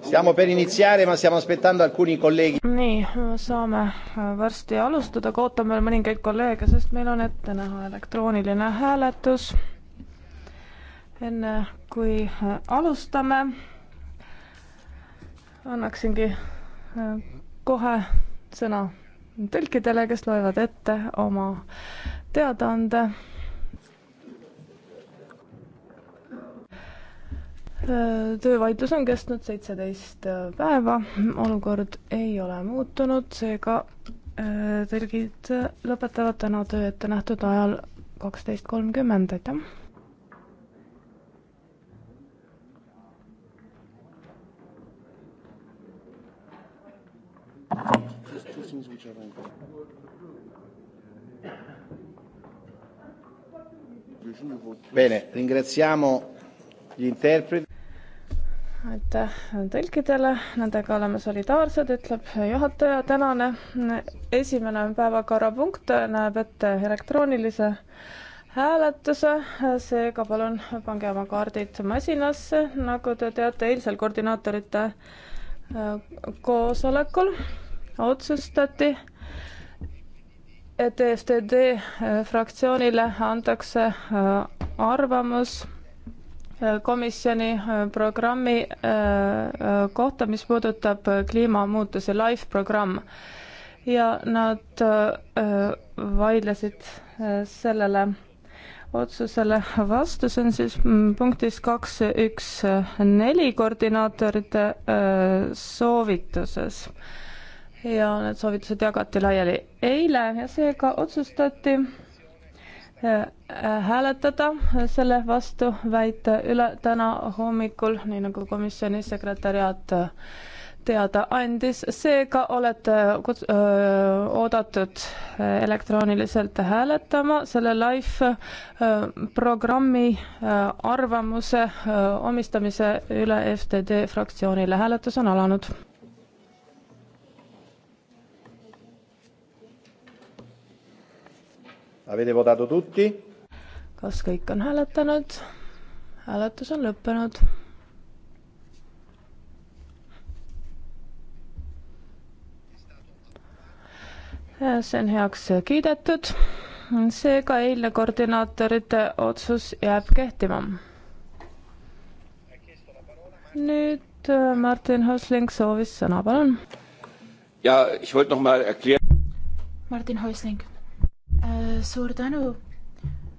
Siamo per iniziare, ma stiamo aspettando alcuni colleghi. nii, saame äh, varsti alustada, aga ootame veel mõningaid kolleege, sest meil on ette näha elektrooniline hääletus. enne kui äh, alustame, annaksingi äh, kohe sõna tõlkidele, kes loevad ette oma teadaande Äh, töövaidlus on kestnud seitseteist äh, päeva, olukord ei ole muutunud, seega äh, tõlgid lõpetavad täna töö ette nähtud ajal kaksteist kolmkümmend, aitäh! There's two things which are in Bene, ringraziamo gli interpreti aitäh tõlkidele, nendega oleme solidaarsed, ütleb juhataja. tänane esimene päevakorrapunkt näeb ette elektroonilise hääletuse, seega palun pange oma kaardid masinasse, nagu te teate, eilsel koordinaatorite äh, koosolekul otsustati et EFTD äh, fraktsioonile antakse äh, arvamus komisjoni äh, programmi äh, äh, kohta, mis puudutab kliimamuutuse LIFE programm. ja nad vaidlesid sellele otsusele vastu, see on siis mm, punktis kaks, üks, neli koordinaatorite soovituses. ja need soovitused jagati laiali eile ja seega otsustati hääletada selle vastuväite üle täna hommikul, nii nagu komisjoni sekretäriaat teada andis, seega olete oodatud elektrooniliselt hääletama selle live programmi arvamuse omistamise üle FTD fraktsioonile. hääletus on alanud. Avete votato tutti? kas kõik on hääletanud? hääletus on lõppenud. see on heaks kiidetud. seega eilne koordinaatorite otsus jääb kehtima. nüüd äh, Martin Hösling soovis sõna, palun. ja, ma. Martin Häusling. Äh, suur tänu.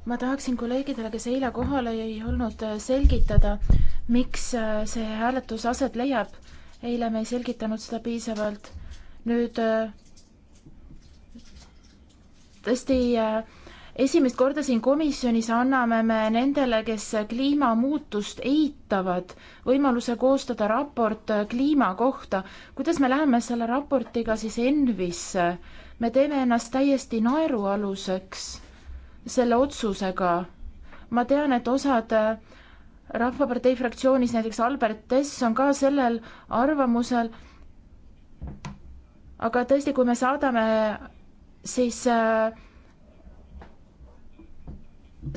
ma tahaksin kolleegidele, kes eile kohal ei olnud, äh, selgitada, miks äh, see hääletus aset leiab. eile me ei selgitanud seda piisavalt. nüüd tõesti esimest korda siin komisjonis anname me nendele, kes kliimamuutust eitavad, võimaluse koostada raport kliima kohta. kuidas me läheme selle raportiga siis ENVisse? me teeme ennast täiesti naerualuseks selle otsusega. ma tean, et osad äh, Rahvapartei fraktsioonis, näiteks Albert Tess on ka sellel arvamusel, aga tõesti, kui me saadame siis äh,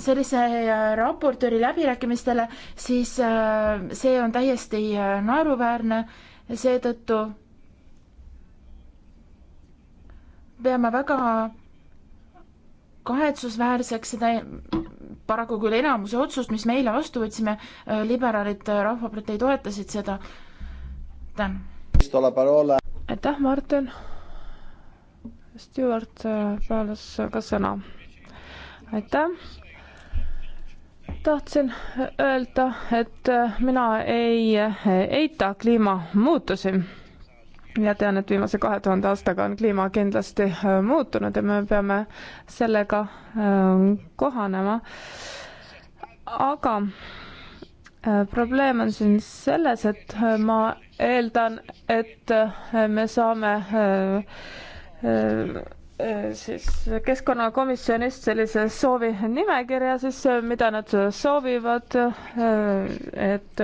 sellise äh, raportööri läbirääkimistele, siis äh, see on täiesti naeruväärne ja seetõttu peame väga kahetsusväärseks seda paraku küll enamuse otsust, mis me eile vastu võtsime, liberaalid Rahvapartei toetasid seda. tänan. aitäh, Martin. Stewart äh, Paalas äh, ka sõna. aitäh tahtsin äh, öelda, et mina ei eita kliimamuutusi ja tean, et viimase kahe tuhande aastaga on kliima kindlasti äh, muutunud ja me peame sellega äh, kohanema. aga äh, probleem on siin selles, et ma eeldan, et me saame Äh, siis keskkonnakomisjonist sellise soovi nimekirja siis, äh, mida nad soovivad, äh, et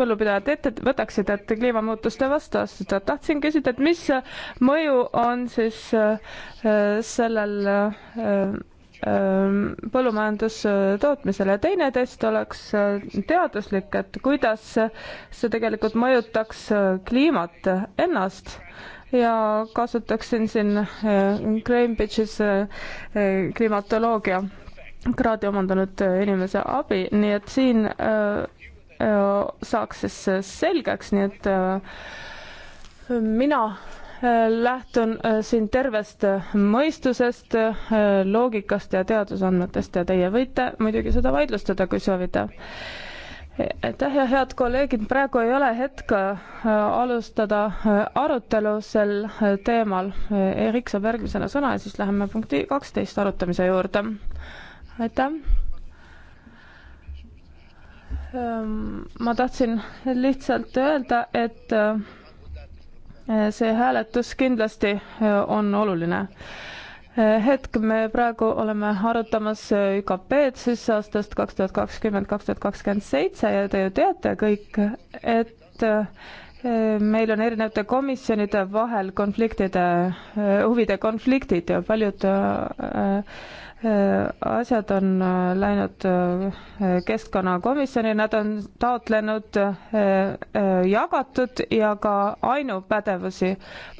põllupidajad ette võtaksid, et kliimamuutuste vastu astuda. tahtsin küsida, et mis mõju on siis sellel põllumajandustootmisele ja teine test oleks teaduslik, et kuidas see tegelikult mõjutaks kliimat ennast ja kasutaksin siin äh, Greenwichis äh, äh, klimatoloogia kraadi omandanud inimese abi, nii et siin saaks siis selgeks, nii et mina lähtun siin tervest mõistusest, loogikast ja teadusandmetest ja teie võite muidugi seda vaidlustada, kui soovite aitäh ja head kolleegid, praegu ei ole hetk äh, alustada äh, arutelu sel äh, teemal. Erik saab järgmisena sõna ja siis läheme punkti kaksteist arutamise juurde. aitäh. Ehm, ma tahtsin lihtsalt öelda, et see hääletus kindlasti on oluline Eh, hetk, me praegu oleme arutamas eh, ÜKP-d siis aastast kaks tuhat kakskümmend, kaks tuhat kakskümmend seitse ja te ju teate kõik, et eh, meil on erinevate komisjonide vahel konfliktide, huvide konfliktid ja paljud asjad on läinud keskkonnakomisjoni, nad on taotlenud jagatud ja ka ainupädevusi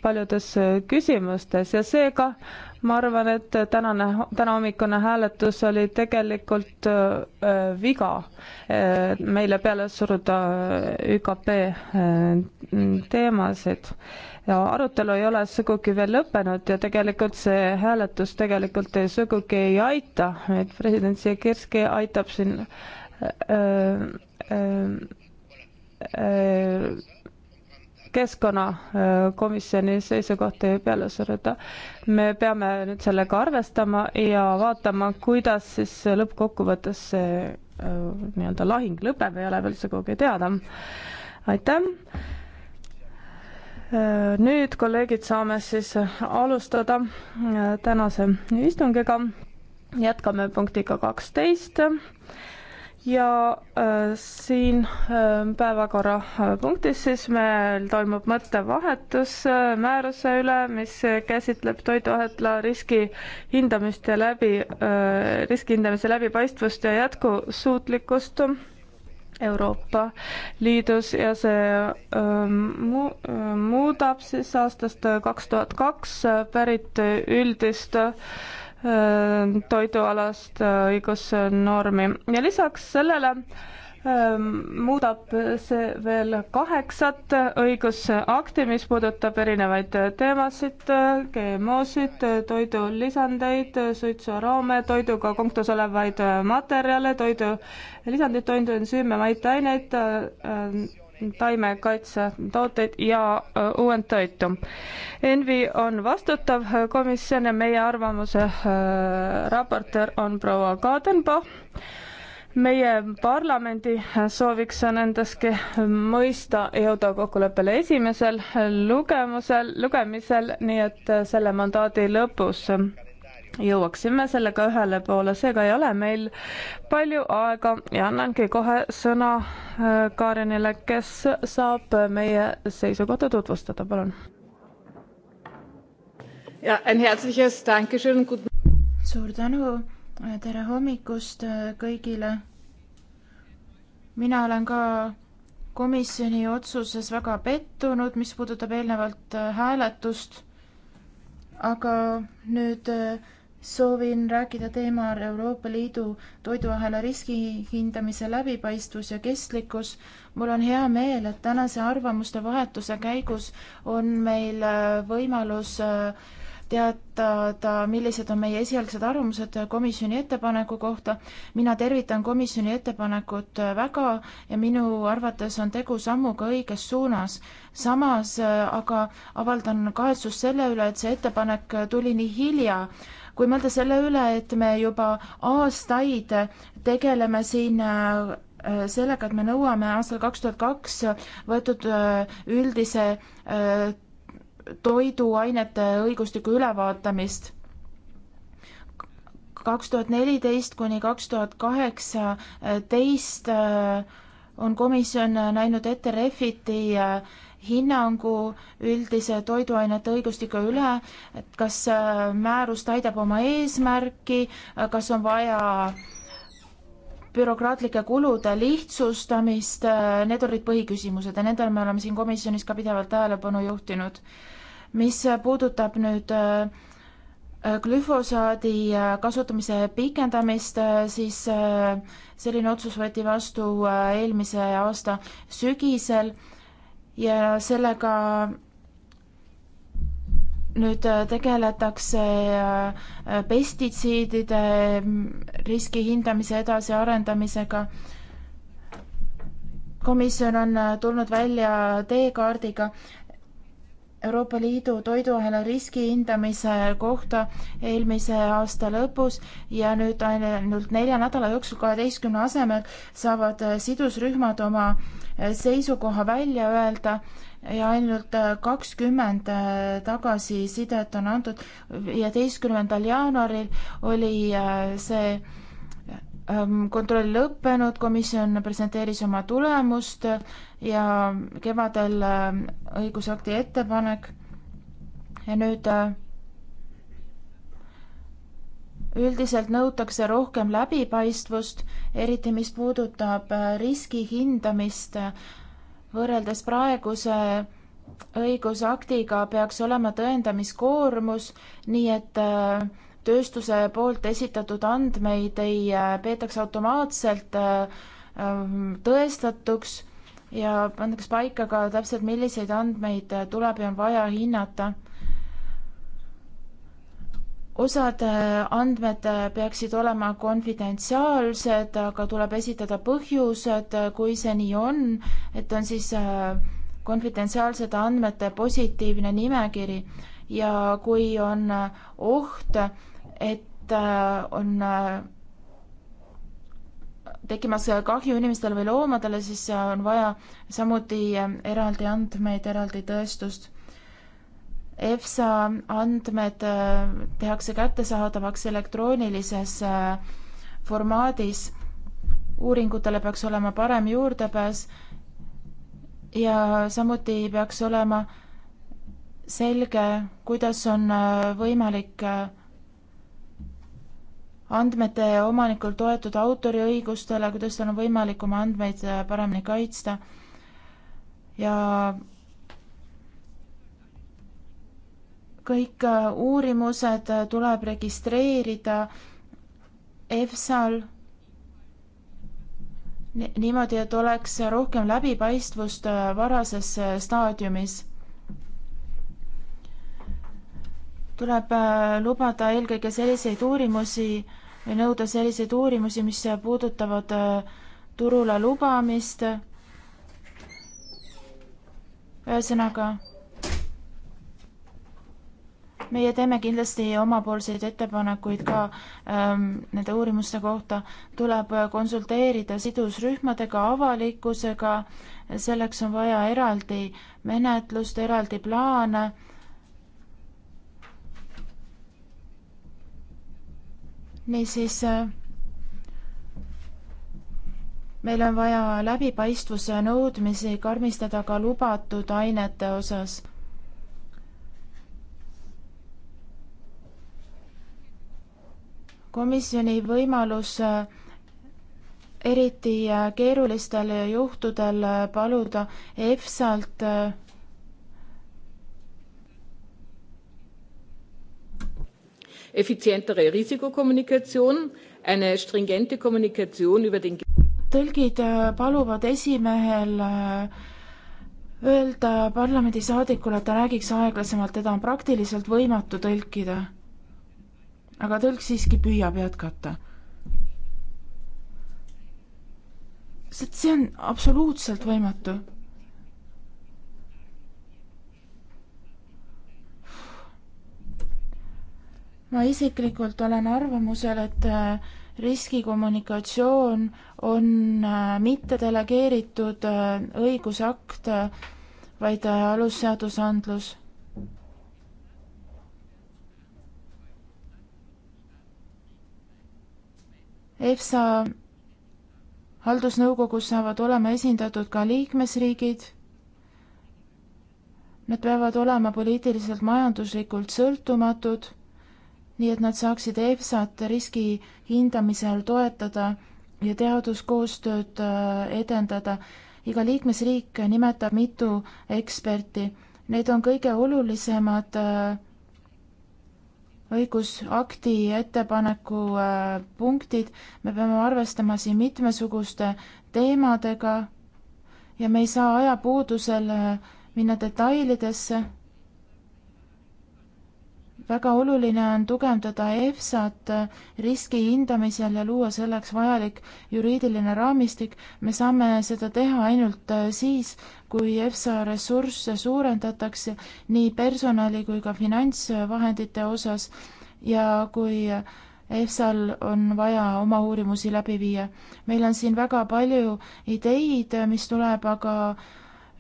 paljudes küsimustes ja seega ka ma arvan, et tänane, tänahommikune hääletus oli tegelikult äh, viga äh, meile peale suruda äh, ÜKP äh, teemasid ja arutelu ei ole sugugi veel lõppenud ja tegelikult see hääletus tegelikult ei, sugugi ei aita, et president Sikirski aitab siin äh, äh, äh, keskkonnakomisjoni seisukohti peale suruda. me peame nüüd sellega arvestama ja vaatama, kuidas siis lõppkokkuvõttes see äh, nii-öelda lahing lõpeb, ei ole veel sugugi teada. aitäh! Äh, nüüd, kolleegid, saame siis alustada äh, tänase istungiga. jätkame punktiga kaksteist ja äh, siin äh, päevakorrapunktis äh, siis meil toimub mõttevahetus äh, määruse üle, mis käsitleb toiduahetla riski hindamist ja läbi äh,, riski hindamise läbipaistvust ja jätkusuutlikkust Euroopa Liidus ja see äh, mu, äh, muudab siis aastast äh, kaks tuhat kaks äh, pärit üldist äh, Äh, toidualast äh, õigusnormi ja lisaks sellele ähm, muudab see veel kaheksat õigusakti, mis puudutab erinevaid teemasid, äh, GMO-sid, toidulisandeid, suitsuaroome, toiduga kontos olevaid materjale, toidu, lisandid, toidu, ensüüme, maitaineid, taimekaitsetooteid ja äh, uuendtoitu. Envi on vastutav äh, komisjon ja meie arvamuse äh, raportöör on proua Kadenbach meie parlamendi sooviks on endaski mõista jõuda kokkuleppele esimesel lugemusel, lugemisel, nii et selle mandaadi lõpus jõuaksime sellega ühele poole, seega ei ole meil palju aega ja annangi kohe sõna äh, Kaarenile, kes saab meie seisukohta tutvustada, palun. suur tänu, tere hommikust äh, kõigile. mina olen ka komisjoni otsuses väga pettunud, mis puudutab eelnevalt äh, hääletust, aga nüüd äh, soovin rääkida teemal Euroopa Liidu toiduahela riskihindamise läbipaistvus ja kestlikkus. mul on hea meel, et tänase arvamuste vahetuse käigus on meil äh, võimalus äh, teatada, millised on meie esialgsed arvamused komisjoni ettepaneku kohta. mina tervitan komisjoni ettepanekut äh, väga ja minu arvates on tegu sammuga õiges suunas. samas aga avaldan kahetsust selle üle, et see ettepanek tuli nii hilja kui mõelda selle üle, et me juba aastaid tegeleme siin äh, sellega, et me nõuame aastal kaks tuhat kaks võetud äh, üldise äh, toiduainete õigustiku ülevaatamist. kaks tuhat neliteist kuni kaks tuhat kaheksateist on komisjon näinud ette Refiti äh, hinnangu üldise toiduainete õigustiku üle, et kas äh, määrus täidab oma eesmärki, äh, kas on vaja bürokraatlike kulude lihtsustamist, äh, need olid põhiküsimused ja nendele me oleme siin komisjonis ka pidevalt tähelepanu juhtinud. mis puudutab nüüd glüfosaadi kasutamise pikendamist, siis selline otsus võeti vastu eelmise aasta sügisel ja sellega nüüd äh, tegeletakse äh, pestitsiidide mm, riski hindamise edasiarendamisega. komisjon on äh, tulnud välja teekaardiga, Euroopa Liidu toiduahela riski hindamise kohta eelmise aasta lõpus ja nüüd ainult nelja nädala jooksul kaheteistkümne asemel saavad sidusrühmad oma seisukoha välja öelda ja ainult kakskümmend tagasisidet on antud. viieteistkümnendal jaanuaril oli äh, see Ähm, kontroll lõppenud, komisjon presenteeris oma tulemust ja kevadel äh, õigusakti ettepanek ja nüüd äh, üldiselt nõutakse rohkem läbipaistvust, eriti mis puudutab äh, riski hindamist võrreldes praeguse õigusaktiga peaks olema tõendamiskoormus, nii et äh, tööstuse poolt esitatud andmeid ei äh, peetaks automaatselt äh, ähm, tõestatuks ja pandaks paika ka täpselt, milliseid andmeid äh, tuleb ja on vaja hinnata. osad andmed peaksid olema konfidentsiaalsed, aga tuleb esitada põhjused, kui see nii on, et on siis konfidentsiaalsete andmete positiivne nimekiri ja kui on äh, oht, et äh, on äh, tekkimas kahju inimestele või loomadele, siis on vaja samuti eraldi andmeid, eraldi tõestust. EFSA andmed tehakse kättesaadavaks elektroonilises formaadis. uuringutele peaks olema parem juurdepääs ja samuti peaks olema äh, selge, kuidas on äh, võimalik äh, andmete omanikul toetuda autoriõigustele, kuidas tal on võimalik oma andmeid äh, paremini kaitsta ja kõik uurimused tuleb registreerida EFSA-l niimoodi, et oleks rohkem läbipaistvust varases staadiumis tuleb äh, lubada eelkõige selliseid uurimusi või nõuda selliseid uurimusi, mis puudutavad äh, turule lubamist. ühesõnaga, meie teeme kindlasti omapoolseid ettepanekuid ka ähm, nende uurimuste kohta, tuleb äh, konsulteerida sidusrühmadega, avalikkusega, selleks on vaja eraldi menetlust, eraldi plaane niisiis äh, meil on vaja läbipaistvuse nõudmisi karmistada ka lubatud ainete osas. komisjoni võimalus äh, eriti äh, keerulistel juhtudel paluda EFSA-lt effizientere Risikokommunikation, eine stringente Kommunikation über den tõlgid äh, paluvad esimehel äh, öelda parlamendisaadikule, et ta räägiks aeglasemalt, teda on praktiliselt võimatu tõlkida. aga tõlk siiski püüab jätkata. see on absoluutselt võimatu ma isiklikult olen arvamusel, et äh, riskikommunikatsioon on äh, mitte delegeeritud äh, õigusakt, vaid alusseadusandlus. EFSA haldusnõukogus saavad olema esindatud ka liikmesriigid. Nad peavad olema poliitiliselt majanduslikult sõltumatud nii et nad saaksid EFSA-t riski hindamisel toetada ja teaduskoostööd äh, edendada. iga liikmesriik nimetab mitu eksperti. Need on kõige olulisemad äh, õigusakti ettepaneku äh, punktid, me peame arvestama siin mitmesuguste teemadega ja me ei saa ajapuudusel minna detailidesse väga oluline on tugevdada EFSA-t riski hindamisel ja luua selleks vajalik juriidiline raamistik. me saame seda teha ainult siis, kui EFSA ressursse suurendatakse nii personali kui ka finantsvahendite osas ja kui EFSA-l on vaja oma uurimusi läbi viia. meil on siin väga palju ideid, mis tuleb aga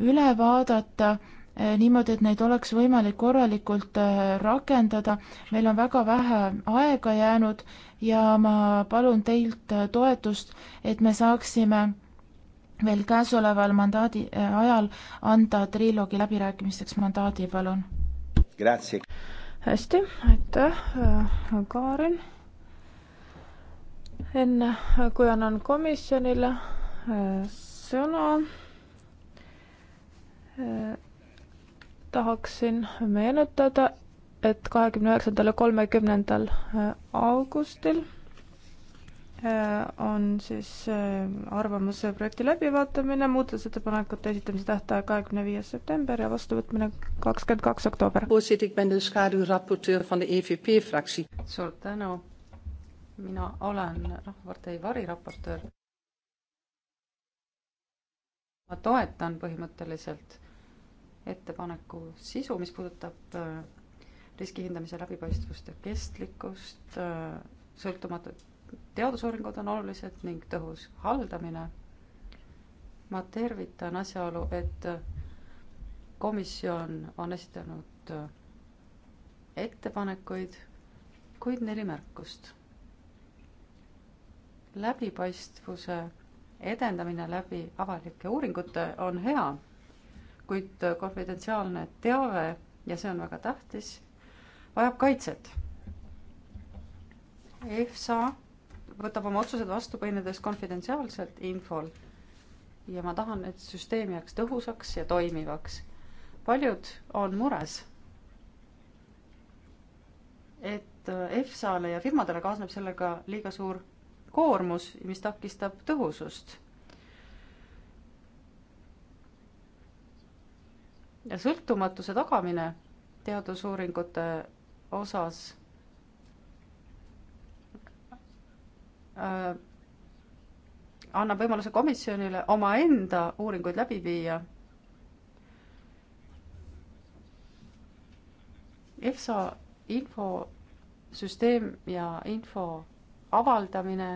üle vaadata Eh, niimoodi, et neid oleks võimalik korralikult eh, rakendada. meil on väga vähe aega jäänud ja ma palun teilt eh, toetust, et me saaksime veel käesoleval mandaadi ajal anda triloogi läbirääkimisteks mandaadi, palun. hästi, aitäh, Kaarel. enne kui annan komisjonile sõna tahaksin meenutada, et kahekümne üheksandal ja kolmekümnendal äh, augustil äh, on siis äh, arvamuse projekti läbivaatamine, muudatusettepanekute esitamise tähtaeg kahekümne viies september ja vastuvõtmine kakskümmend kaks oktoober. E suur tänu, mina olen Rahvapartei variraportöör. ma toetan põhimõtteliselt ettepaneku sisu, mis puudutab äh, riskihindamise läbipaistvust ja kestlikkust, äh, sõltumatud teadusuuringud on olulised ning tõhus haldamine. ma tervitan asjaolu, et äh, komisjon on esitanud ettepanekuid, kuid neli märkust. läbipaistvuse edendamine läbi avalike uuringute on hea kuid äh, konfidentsiaalne teave, ja see on väga tähtis, vajab kaitset. EFSA võtab oma otsused vastu põhinedes konfidentsiaalselt infol ja ma tahan, et süsteem jääks tõhusaks ja toimivaks. paljud on mures, et äh, EFSA-le ja firmadele kaasneb sellega liiga suur koormus, mis takistab tõhusust ja sõltumatuse tagamine teadusuuringute osas äh, annab võimaluse komisjonile omaenda uuringuid läbi viia. EFSA infosüsteem ja info avaldamine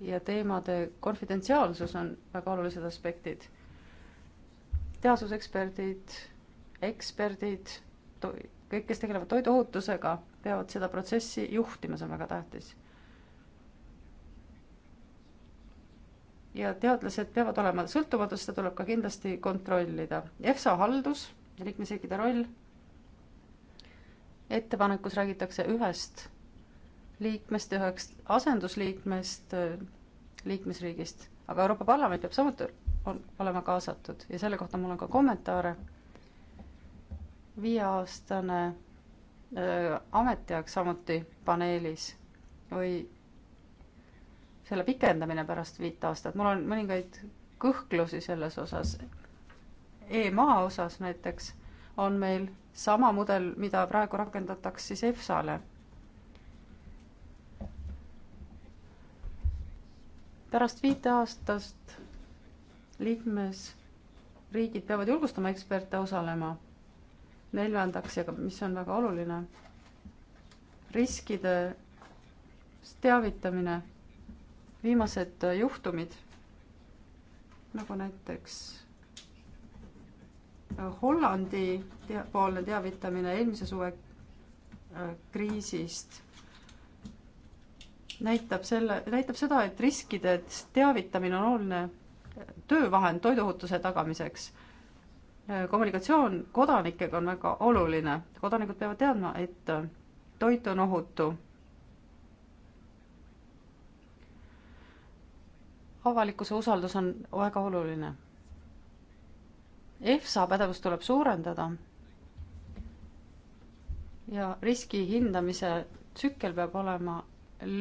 ja teemade konfidentsiaalsus on väga olulised aspektid. teaduseksperdid eksperdid, kõik, kes tegelevad toiduohutusega, peavad seda protsessi juhtima, see on väga tähtis. ja teadlased peavad olema sõltumatud, seda tuleb ka kindlasti kontrollida. EFSA haldus ja liikmesriikide roll. ettepanekus räägitakse ühest liikmest, ühest asendusliikmest äh, liikmesriigist, aga Euroopa Parlament peab samuti on, olema kaasatud ja selle kohta mul on ka kommentaare viieaastane ametiaeg samuti paneelis või selle pikendamine pärast viit aastat, mul on mõningaid kõhklusi selles osas e. E-maa osas näiteks on meil sama mudel, mida praegu rakendatakse siis EFSA-le. pärast viite aastast liikmesriigid peavad julgustama eksperte osalema neljandaks ja mis on väga oluline, riskide teavitamine, viimased äh, juhtumid, nagu näiteks äh, Hollandi tea-, poolne teavitamine eelmise suve äh, kriisist näitab selle, näitab seda, et riskide teavitamine on oluline töövahend toiduohutuse tagamiseks. Äh, kommunikatsioon kodanikega on väga oluline, kodanikud peavad teadma, et äh, toit on ohutu. avalikkuse usaldus on väga oluline. EFSA pädevust tuleb suurendada ja riski hindamise tsükkel peab olema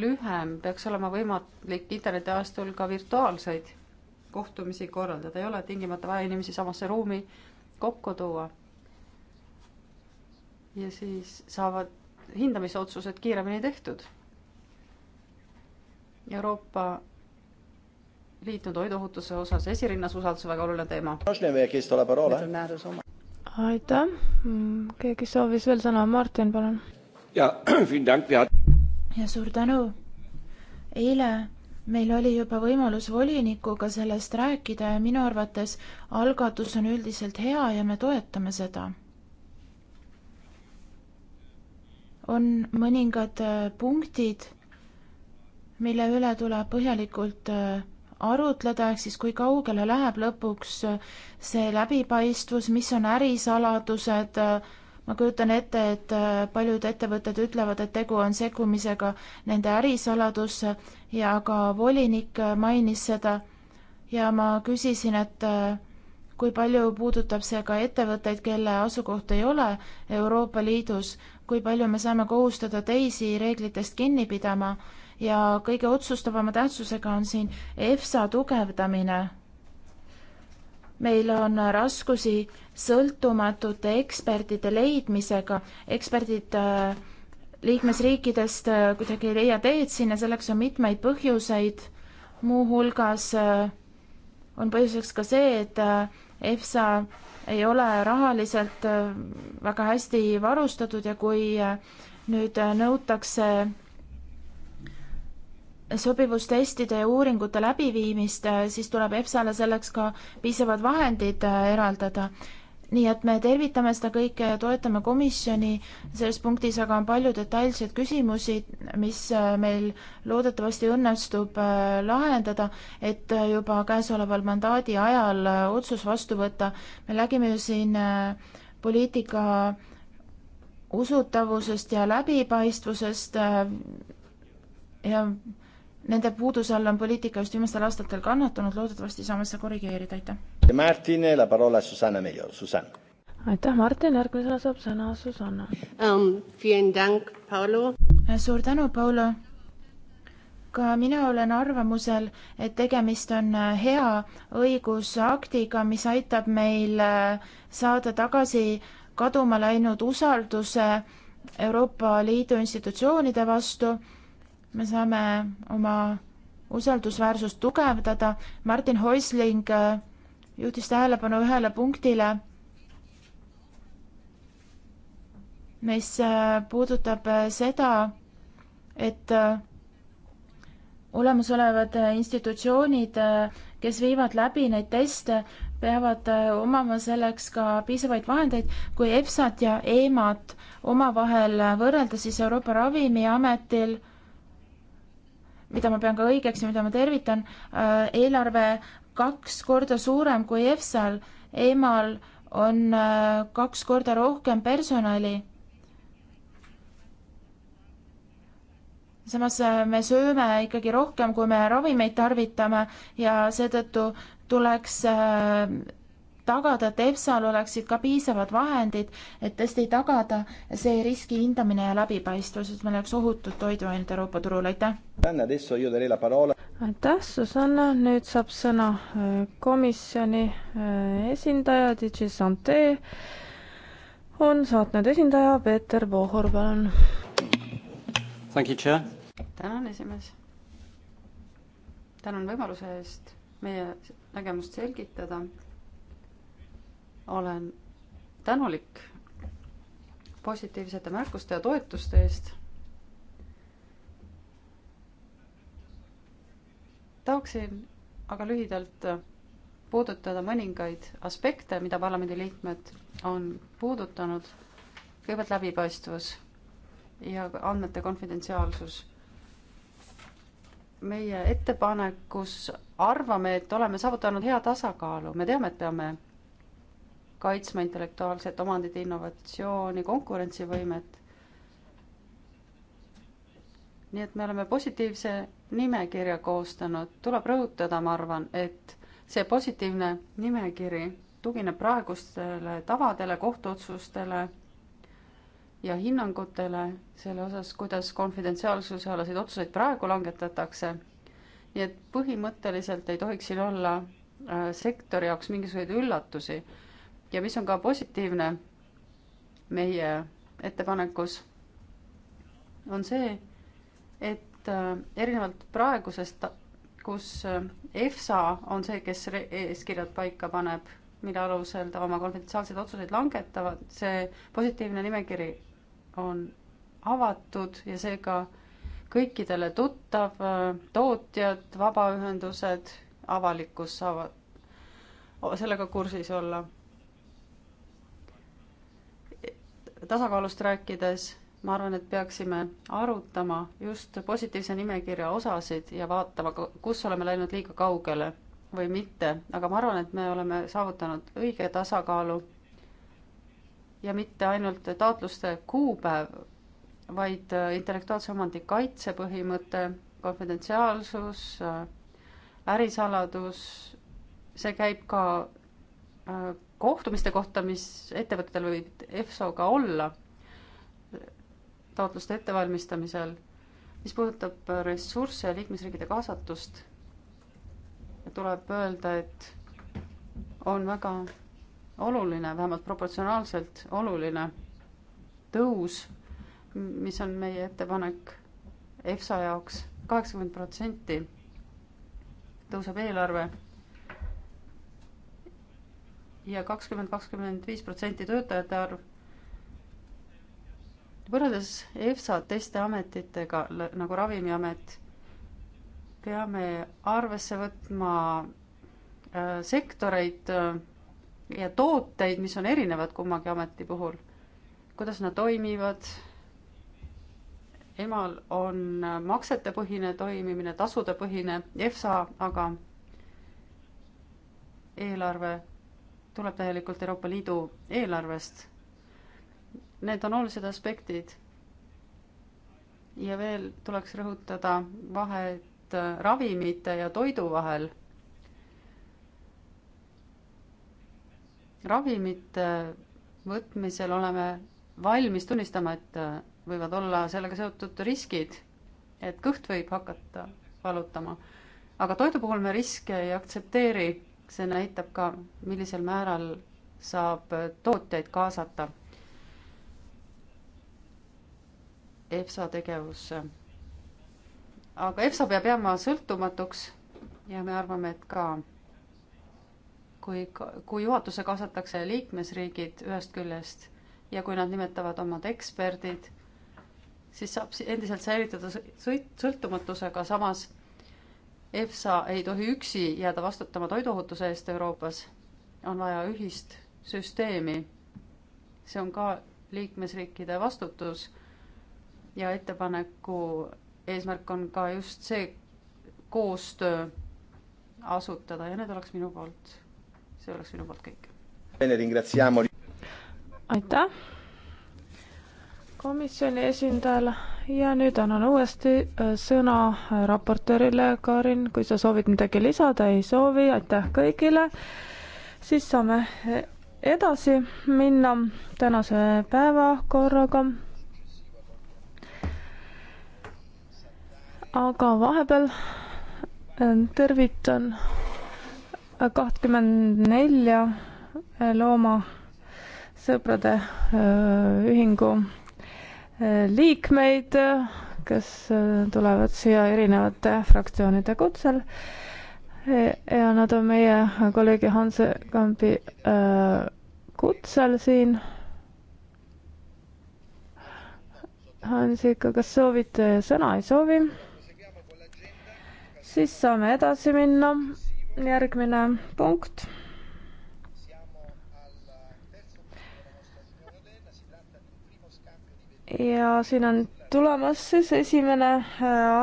lühem, peaks olema võimalik internetiajastul ka virtuaalseid kohtumisi korraldada, ei ole tingimata vaja inimesi samasse ruumi kokku tuua. ja siis saavad hindamisotsused kiiremini tehtud. Euroopa Liitu toiduohutuse osas esirinnas usaldus väga oluline teema. aitäh, keegi soovis veel sõna, Martin, palun. ja suur tänu. eile meil oli juba võimalus volinikuga sellest rääkida ja minu arvates algatus on üldiselt hea ja me toetame seda. on mõningad äh, punktid, mille üle tuleb põhjalikult äh, arutleda, ehk siis kui kaugele läheb lõpuks äh, see läbipaistvus, mis on ärisaladused, ma kujutan ette, et äh, paljud ettevõtted ütlevad, et tegu on sekkumisega nende ärisaladusse ja ka volinik äh, mainis seda ja ma küsisin, et äh, kui palju puudutab see ka ettevõtteid, kelle asukoht ei ole Euroopa Liidus, kui palju me saame kohustada teisi reeglitest kinni pidama ja kõige otsustavama tähtsusega on siin EFSA tugevdamine meil on raskusi sõltumatute ekspertide leidmisega, eksperdid äh, liikmesriikidest äh, kuidagi ei leia teed sinna, selleks on mitmeid põhjuseid, muuhulgas äh, on põhjuseks ka see, et EFSA ei ole rahaliselt väga hästi varustatud ja kui nüüd nõutakse sobivustestide ja uuringute läbiviimist, äh, siis tuleb EFSA-le selleks ka piisavad vahendid äh, eraldada. nii et me tervitame seda kõike ja toetame komisjoni selles punktis, aga on palju detailseid küsimusi, mis äh, meil loodetavasti õnnestub lahendada, et juba käesoleval mandaadi ajal otsus vastu võtta. me räägime ju siin poliitika usutavusest ja läbipaistvusest ja nende puuduse all on poliitika just viimastel aastatel kannatanud, loodetavasti saame seda korrigeerida, aitäh. Martin, la parola Susanna Meijo, Susann. aitäh, Martin, järgmisena saab sõna Susanna um,. suur tänu, Paulo. ka mina olen arvamusel, et tegemist on äh, hea õigusaktiga, mis aitab meil äh, saada tagasi kaduma läinud usalduse Euroopa Liidu institutsioonide vastu me saame oma usaldusväärsust tugevdada. Martin Häusling äh, juhtis tähelepanu ühele punktile, mis äh, puudutab äh, seda, et olemasolevad institutsioonid, kes viivad läbi neid teste, peavad omama selleks ka piisavaid vahendeid. kui EFSA-t ja EMA-t omavahel võrrelda, siis Euroopa Ravimiametil mida ma pean ka õigeks ja mida ma tervitan, äh, eelarve kaks korda suurem kui EFSA-l, EMA-l on äh, kaks korda rohkem personali samas äh, me sööme ikkagi rohkem, kui me ravimeid tarvitame ja seetõttu tuleks tagada, et EFSA-l oleksid ka piisavad vahendid, et tõesti tagada see riski hindamine ja läbipaistvus, et meil oleks ohutud toiduained Euroopa turul, aitäh! aitäh, Susanna, nüüd saab sõna äh, komisjoni äh, esindaja, DigiSante on saatnud esindaja Peeter Vohor, palun. tänan, esimees. tänan võimaluse eest meie nägemust selgitada. olen tänulik positiivsete märkuste ja toetuste eest tahaksin aga lühidalt puudutada mõningaid aspekte, mida parlamendiliikmed on puudutanud. kõigepealt läbipaistvus ja andmete konfidentsiaalsus. meie ettepanekus arvame, et oleme saavutanud hea tasakaalu, me teame, et peame kaitsma intellektuaalset omandit, innovatsiooni, konkurentsivõimet. nii et me oleme positiivse nimekirja koostanud. tuleb rõhutada, ma arvan, et see positiivne nimekiri tugineb praegustele tavadele, kohtuotsustele ja hinnangutele selle osas, kuidas konfidentsiaalsuse alaseid otsuseid praegu langetatakse. nii et põhimõtteliselt ei tohiks siin olla äh, sektori jaoks mingisuguseid üllatusi. ja mis on ka positiivne meie ettepanekus, on see, et et äh, erinevalt praegusest, kus äh, EFSA on see, kes eeskirjad paika paneb, mille alusel ta oma konfidentsiaalseid otsuseid langetavad, see positiivne nimekiri on avatud ja seega kõikidele tuttav, äh, tootjad, vabaühendused, avalikkus saavad sellega kursis olla. tasakaalust rääkides ma arvan, et peaksime arutama just positiivse nimekirja osasid ja vaatama, kus oleme läinud liiga kaugele või mitte, aga ma arvan, et me oleme saavutanud õige tasakaalu ja mitte ainult taotluste kuupäev, vaid äh, intellektuaalse omandi kaitse põhimõte, konfidentsiaalsus, äh, ärisaladus, see käib ka äh, kohtumiste kohta, mis ettevõtetel võib EFSO-ga olla taotluste ettevalmistamisel. mis puudutab äh, ressursse ja liikmesriikide kaasatust, tuleb öelda, et on väga oluline, vähemalt proportsionaalselt oluline tõus, mis on meie ettepanek EFSA jaoks, kaheksakümmend protsenti tõuseb eelarve ja kakskümmend, kakskümmend viis protsenti töötajate arv võrreldes EFSA teiste ametitega nagu Ravimiamet, peame arvesse võtma äh, sektoreid äh, ja tooteid, mis on erinevad kummagi ameti puhul, kuidas nad toimivad. emal on äh, maksetepõhine toimimine, tasudepõhine, EFSA aga eelarve tuleb täielikult Euroopa Liidu eelarvest Need on olulised aspektid. ja veel tuleks rõhutada vahet äh, ravimite ja toidu vahel. ravimite võtmisel oleme valmis tunnistama, et äh, võivad olla sellega seotud riskid, et kõht võib hakata valutama. aga toidu puhul me riske ei aktsepteeri, see näitab ka, millisel määral saab tootjaid kaasata EFSA tegevusse. aga EFSA peab jääma sõltumatuks ja me arvame, et ka kui, kui juhatusse kaasatakse liikmesriigid ühest küljest ja kui nad nimetavad omad eksperdid, siis saab endiselt säilitada sõltumatusega, samas EFSA ei tohi üksi jääda vastutama toiduohutuse eest Euroopas, on vaja ühist süsteemi. see on ka liikmesriikide vastutus ja ettepaneku eesmärk on ka just see koostöö asutada ja need oleks minu poolt, see oleks minu poolt kõik. aitäh komisjoni esindajale ja nüüd annan uuesti äh, sõna äh, raportöörile, Karin, kui sa soovid midagi lisada, ei soovi, aitäh kõigile, siis saame äh, edasi minna tänase päevakorraga aga vahepeal äh, tervitan äh, kahtekümmend nelja äh, loomasõprade ühingu liikmeid, kes tulevad siia erinevate fraktsioonide kutsel. ja nad on meie kolleegi Hans Kambi kutsel siin. Hans ikka, kas soovite sõna, ei soovi? siis saame edasi minna. järgmine punkt. ja siin on tulemas siis esimene äh,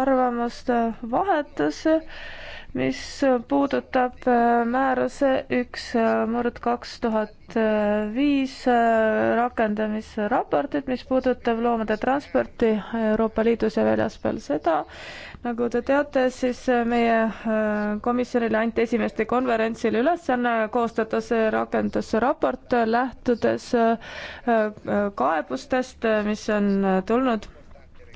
arvamuste vahetus mis puudutab äh, määruse üks äh, murd kaks tuhat äh, viis rakendamisraportit, mis puudutab loomade transporti Euroopa Liidus ja väljaspool seda. nagu te teate, siis meie komisjonile anti esimeste konverentsil ülesanne koostada see rakendusraport, lähtudes kaebustest, mis on tulnud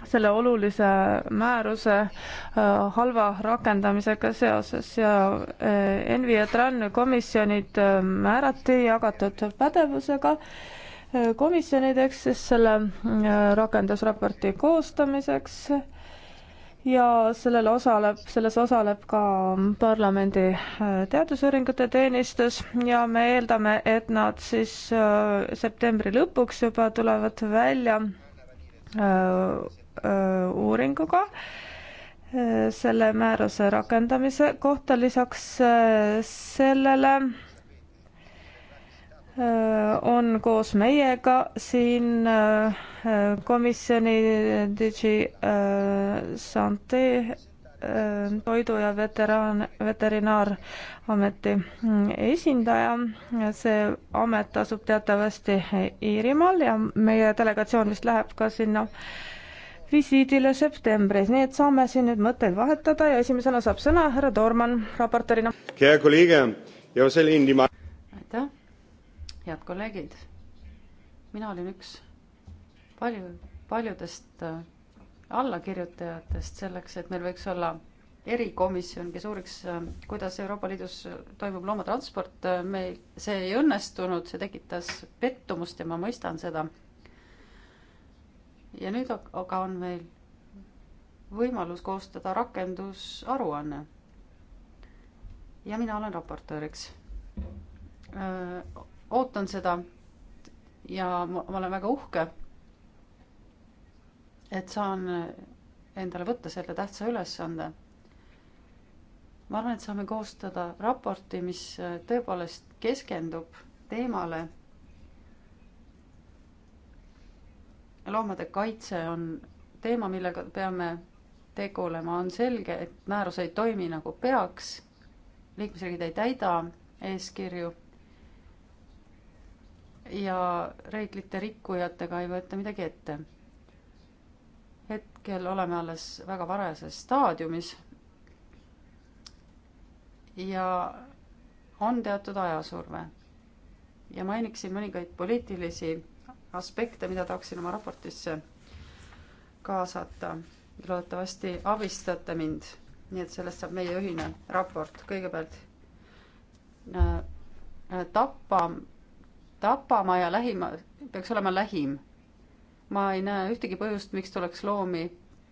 selle olulise määruse äh, halva rakendamisega seoses ja äh, Envi ja TRAN komisjonid äh, määrati jagatud pädevusega komisjonideks siis selle rakendusraporti koostamiseks ja sellel osaleb, selles osaleb ka parlamendi teadusuuringute teenistus ja me eeldame, et nad siis septembri lõpuks juba tulevad välja Äh, uuringuga äh, selle määruse rakendamise kohta. lisaks äh, sellele on koos meiega siin komisjoni Digi Sante toidu- ja veteraan, veterinaarameti mm, esindaja. see amet asub teatavasti Iirimaal ja meie delegatsioon vist läheb ka sinna äh, visiidile septembris, nii et saame siin nüüd mõtteid vahetada ja esimesena saab sõna härra Toorman raportorina. aitäh, head kolleegid. mina olin üks palju, paljudest äh, allakirjutajatest selleks, et meil võiks olla erikomisjon, kes uuriks, äh, kuidas Euroopa Liidus toimub loomatransport, äh, meil see ei õnnestunud, see tekitas pettumust ja ma mõistan seda ja nüüd aga on meil võimalus koostada rakendusaruanne. ja mina olen raportööriks. ootan seda ja ma, ma olen väga uhke, et saan endale võtta selle tähtsa ülesande. ma arvan, et saame koostada raporti, mis tõepoolest keskendub teemale loomade kaitse on teema, millega peame tegulema, on selge, et määrus ei toimi nagu peaks, liikmesriigid ei täida eeskirju ja reeglite rikkujatega ei võeta midagi ette. hetkel oleme alles väga varajases staadiumis ja on teatud ajasurve. ja mainiksin mõningaid poliitilisi aspekte, mida tahaksin oma raportisse kaasata. loodetavasti abistate mind, nii et sellest saab meie ühine raport. kõigepealt äh, Tapa, Tapamaja lähima, peaks olema lähim. ma ei näe ühtegi põhjust, miks tuleks loomi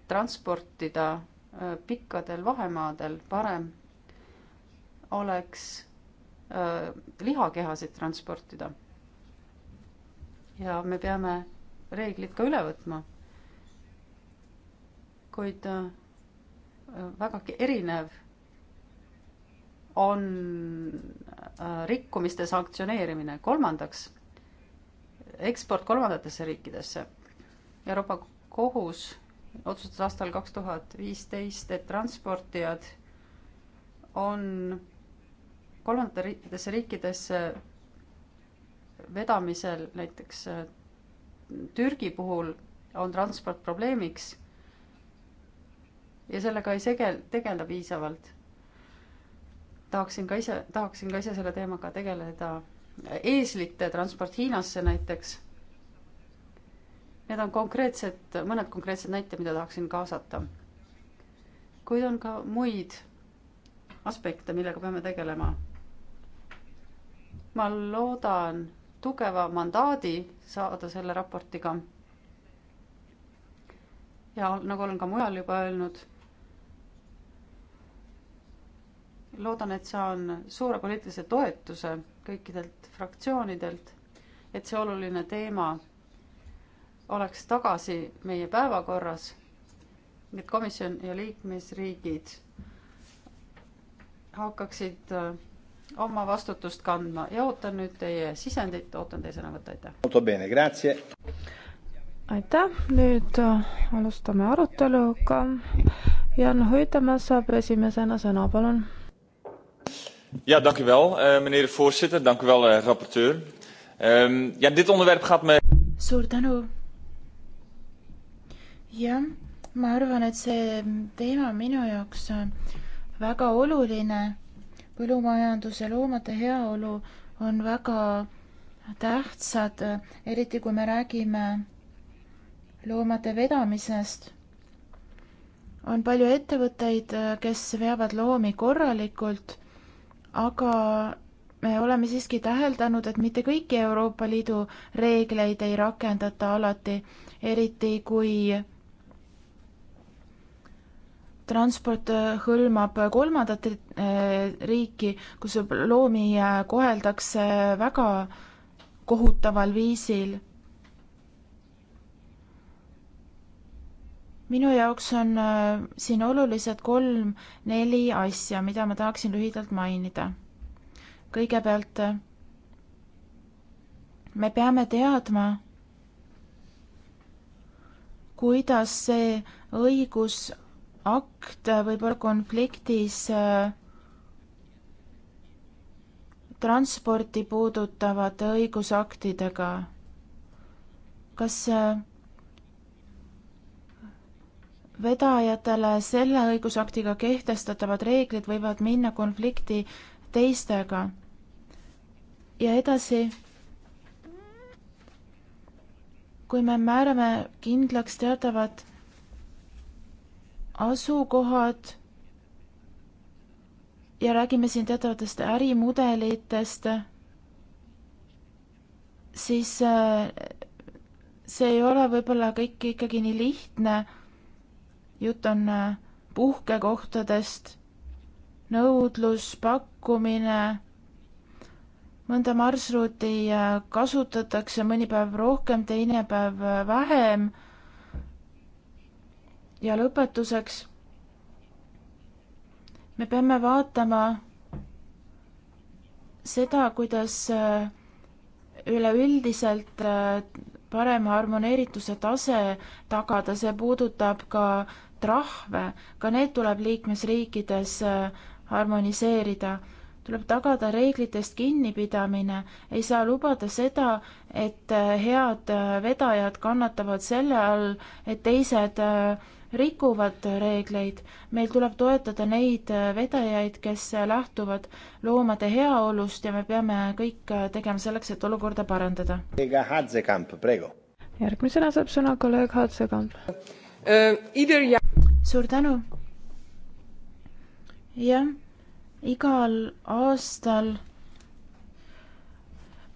transportida äh, pikkadel vahemaadel, parem oleks äh, lihakehasid transportida ja me peame reeglid ka üle võtma. kuid äh, väga erinev on äh, rikkumiste sanktsioneerimine. kolmandaks, eksport kolmandatesse riikidesse. Euroopa Kohus otsustas aastal kaks tuhat viisteist, et transportijad on kolmandatesse riikidesse vedamisel, näiteks äh, Türgi puhul on transport probleemiks ja sellega ei segel-, tegeleda piisavalt. tahaksin ka ise, tahaksin ka ise selle teemaga tegeleda. eeslite transport Hiinasse näiteks. Need on konkreetsed, mõned konkreetsed näited, mida tahaksin kaasata. kuid on ka muid aspekte, millega peame tegelema. ma loodan, tugeva mandaadi saada selle raportiga. ja nagu olen ka mujal juba öelnud, loodan, et saan suure poliitilise toetuse kõikidelt fraktsioonidelt, et see oluline teema oleks tagasi meie päevakorras, et komisjon ja liikmesriigid hakkaksid äh, oma vastutust kandma ja ootan nüüd teie sisendit, ootan teie sõnavõttu, aitäh! aitäh, nüüd äh, alustame aruteluga. Jan Hoitamäe saab esimesena sõna, palun. ja, dank u wel, eh, meneer de voorzitter, dank u wel, eh, raportöör. Ehm, ja, dit onderwerp gaat me. suur tänu. jah, ma arvan, et see teema on minu jaoks äh, väga oluline põllumajandus ja loomade heaolu on väga tähtsad, eriti kui me räägime loomade vedamisest. on palju ettevõtteid, kes veavad loomi korralikult, aga me oleme siiski täheldanud, et mitte kõiki Euroopa Liidu reegleid ei rakendata alati, eriti kui transport äh, hõlmab kolmandat äh, riiki, kus loomi äh, koheldakse väga kohutaval viisil. minu jaoks on siin olulised kolm-neli asja, mida ma tahaksin lühidalt mainida. kõigepealt me peame teadma, kuidas see õigus akt võib olla konfliktis äh, transporti puudutavate õigusaktidega. kas äh, vedajatele selle õigusaktiga kehtestatavad reeglid võivad minna konflikti teistega. ja edasi, kui me määrame kindlaks teatavad asukohad ja räägime siin teatavatest ärimudelitest, siis äh, see ei ole võib-olla kõik ikkagi nii lihtne. jutt on äh, puhkekohtadest, nõudlus, pakkumine, mõnda marsruuti äh, kasutatakse mõni päev rohkem, teine päev vähem ja lõpetuseks me peame vaatama seda, kuidas äh, üleüldiselt äh, parema harmoneerituse tase tagada, see puudutab ka trahve, ka need tuleb liikmesriikides äh, harmoniseerida. tuleb tagada reeglitest kinnipidamine, ei saa lubada seda, et head vedajad kannatavad selle all, et teised äh, rikuvad reegleid. meil tuleb toetada neid vedajaid, kes lähtuvad loomade heaolust ja me peame kõik tegema selleks, et olukorda parandada. järgmisena saab sõna kolleeg Hatsekamp. suur tänu. jah, igal aastal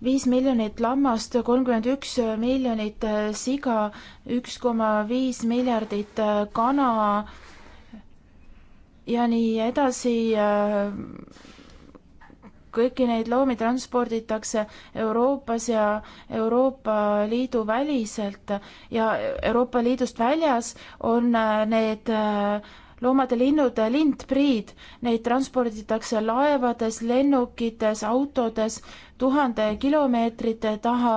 viis miljonit lammast, kolmkümmend üks miljonit äh, siga, üks koma viis miljardit äh, kana ja nii edasi. Äh, kõiki neid loomi transporditakse Euroopas ja Euroopa Liidu väliselt ja Euroopa Liidust väljas on need äh, loomade linnud, lindpriid, neid transporditakse laevades, lennukites, autodes tuhande kilomeetrite taha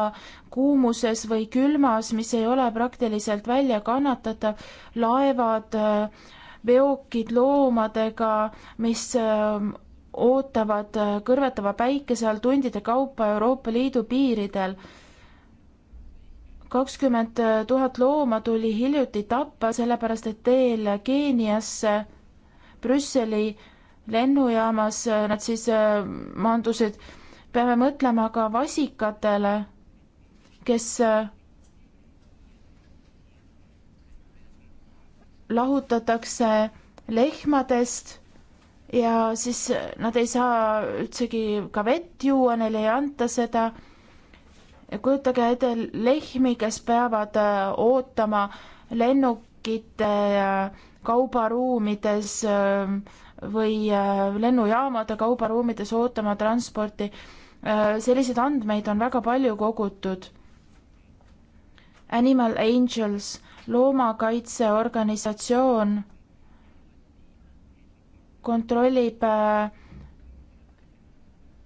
kuumuses või külmas, mis ei ole praktiliselt välja kannatatav, laevad, veokid loomadega, mis ootavad kõrvetava päikese all tundide kaupa Euroopa Liidu piiridel kakskümmend tuhat looma tuli hiljuti tappa, sellepärast et teel Keeniasse Brüsseli lennujaamas äh, nad siis äh, maandusid. peame mõtlema ka vasikatele, kes äh, lahutatakse lehmadest ja siis nad ei saa üldsegi ka vett juua, neile ei anta seda kujutage ette lehmi, kes peavad äh, ootama lennukite äh, kaubaruumides äh, või lennujaamade kaubaruumides ootama transporti. selliseid andmeid on väga palju kogutud. Animal Angels, loomakaitseorganisatsioon kontrollib äh,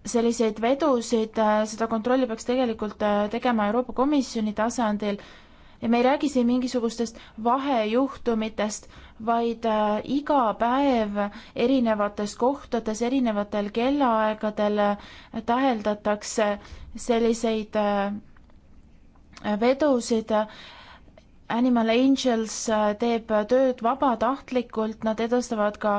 selliseid vedusid, äh, seda kontrolli peaks tegelikult äh, tegema Euroopa Komisjoni tasandil ja me ei räägi siin mingisugustest vahejuhtumitest, vaid äh, iga päev erinevates kohtades, erinevatel kellaaegadel täheldatakse selliseid vedusid Animal Angels äh, teeb tööd vabatahtlikult, nad edastavad ka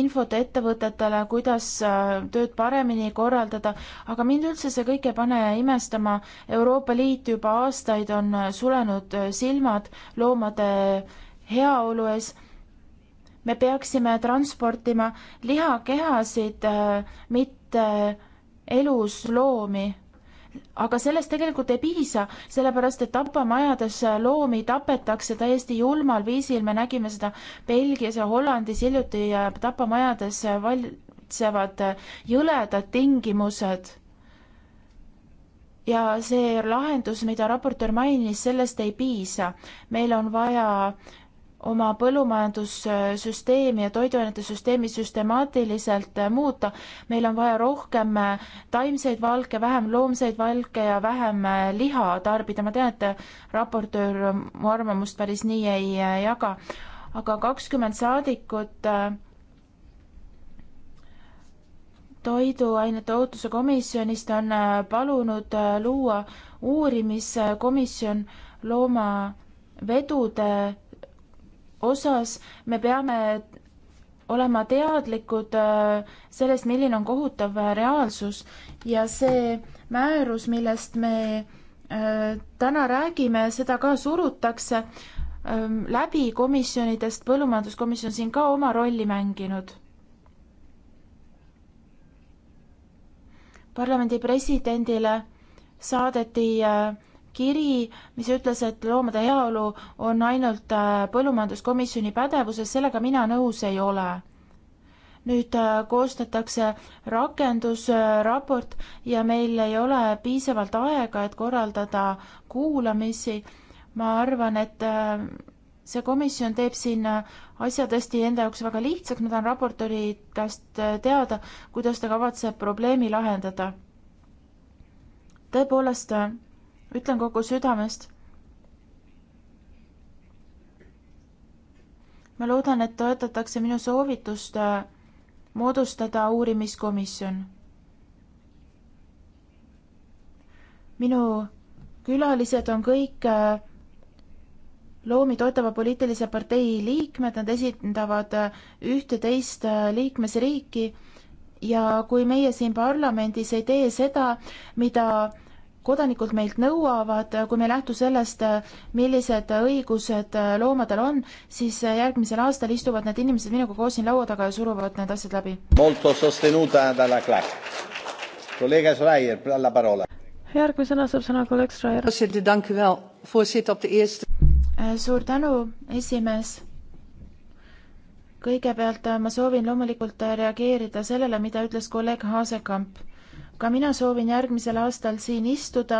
infot ettevõtetele, kuidas äh, tööd paremini korraldada, aga mind üldse see kõik ei pane imestama. Euroopa Liit juba aastaid on äh, sulenud silmad loomade heaolu ees. me peaksime transportima lihakehasid, mitte elusloomi aga sellest tegelikult ei piisa, sellepärast et tapamajades loomi tapetakse täiesti julmal viisil, me nägime seda Belgias ja Hollandis hiljuti tapamajades valitsevad jõledad tingimused. ja see lahendus, mida raportöör mainis, sellest ei piisa, meil on vaja oma põllumajandussüsteemi ja toiduainetesüsteemi süstemaatiliselt muuta. meil on vaja rohkem taimseid valke, vähem loomseid valke ja vähem liha tarbida. ma tean, et raportöör mu arvamust päris nii ei jaga, aga kakskümmend saadikut äh, toiduainete ohutuse komisjonist on äh, palunud äh, luua uurimiskomisjon loomavedude osas me peame olema teadlikud äh, sellest, milline on kohutav äh, reaalsus ja see määrus, millest me äh, täna räägime, seda ka surutakse ähm, läbi komisjonidest, põllumajanduskomisjon siin ka oma rolli mänginud. parlamendi presidendile saadeti äh, kiri, mis ütles, et loomade heaolu on ainult äh, põllumajanduskomisjoni pädevuses, sellega mina nõus ei ole. nüüd äh, koostatakse rakendusraport ja meil ei ole piisavalt aega, et korraldada kuulamisi. ma arvan, et äh, see komisjon teeb siin asja tõesti enda jaoks väga lihtsaks, ma tahan raportööri käest teada, kuidas ta kavatseb probleemi lahendada. tõepoolest, ütlen kogu südamest. ma loodan, et toetatakse minu soovitust äh, moodustada uurimiskomisjon. minu külalised on kõik äh, loomi toetava poliitilise partei liikmed, nad esindavad äh, ühte-teist liikmesriiki ja kui meie siin parlamendis ei tee seda, mida kodanikud meilt nõuavad, kui me ei lähtu sellest, millised õigused loomadel on, siis järgmisel aastal istuvad need inimesed minuga koos siin laua taga ja suruvad need asjad läbi. järgmisena saab sõna kolleeg Schreier. Eh, suur tänu, esimees kõigepealt eh, ma soovin loomulikult eh, reageerida sellele, mida ütles kolleeg Haasekamp ka mina soovin järgmisel aastal siin istuda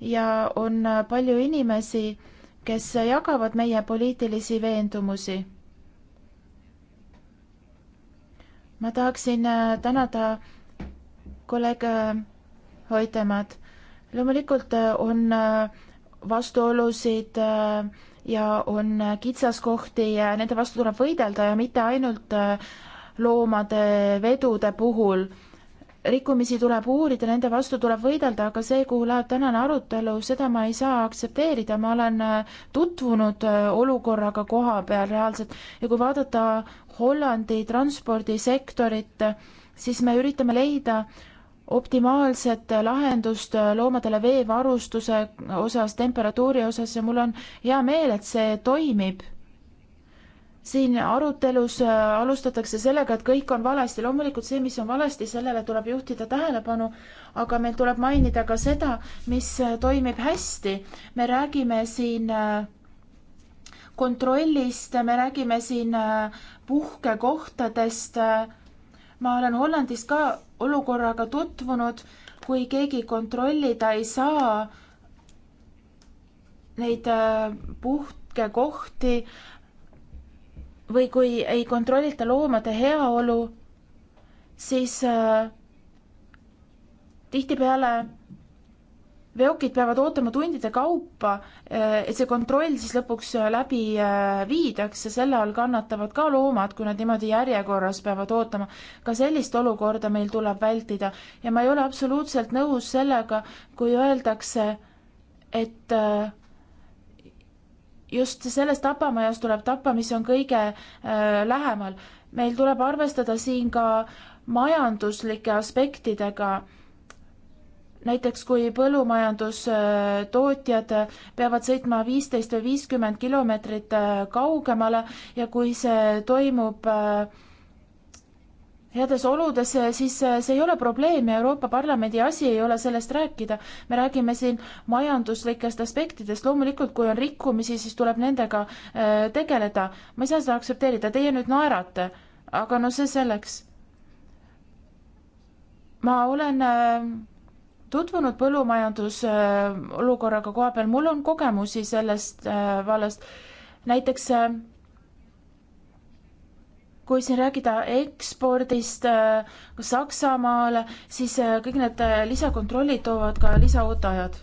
ja on palju inimesi, kes jagavad meie poliitilisi veendumusi. ma tahaksin äh, tänada kolleeg äh, Hoitemat. loomulikult äh, on vastuolusid ja on kitsaskohti ja nende vastu tuleb võidelda ja mitte ainult loomade vedude puhul rikkumisi tuleb uurida, nende vastu tuleb võidelda, aga see, kuhu läheb tänane arutelu, seda ma ei saa aktsepteerida, ma olen äh, tutvunud äh, olukorraga koha peal reaalselt ja kui vaadata Hollandi transpordisektorit, siis me üritame leida optimaalset lahendust äh, loomadele veevarustuse osas, temperatuuri osas ja mul on hea meel, et see toimib siin arutelus äh, alustatakse sellega, et kõik on valesti, loomulikult see, mis on valesti, sellele tuleb juhtida tähelepanu, aga meil tuleb mainida ka seda, mis äh, toimib hästi. me räägime siin äh, kontrollist, me räägime siin puhkekohtadest. ma olen Hollandis ka olukorraga tutvunud, kui keegi kontrollida ei saa neid puhkekohti, või kui ei kontrollita loomade heaolu, siis äh, tihtipeale veokid peavad ootama tundide kaupa, äh, et see kontroll siis lõpuks äh, läbi äh, viidakse, selle all kannatavad ka loomad, kui nad niimoodi järjekorras peavad ootama. ka sellist olukorda meil tuleb vältida ja ma ei ole absoluutselt nõus sellega, kui öeldakse, et äh, just sellest tapamajast tuleb tappa, mis on kõige äh, lähemal. meil tuleb arvestada siin ka majanduslike aspektidega. näiteks kui põllumajandustootjad äh, äh, peavad sõitma viisteist või viiskümmend kilomeetrit äh, kaugemale ja kui see toimub äh, heades oludes, eh, siis eh, see ei ole probleem ja Euroopa Parlamendi asi ei ole sellest rääkida. me räägime siin majanduslikest aspektidest, loomulikult kui on rikkumisi, siis tuleb nendega eh, tegeleda. ma ei saa seda aktsepteerida, teie nüüd naerate, aga no see selleks. ma olen tutvunud põllumajandusolukorraga koha peal, mul on kogemusi sellest vallast, näiteks kui siin rääkida ekspordist äh, Saksamaale, siis äh, kõik need äh, lisakontrollid toovad ka lisaootajad.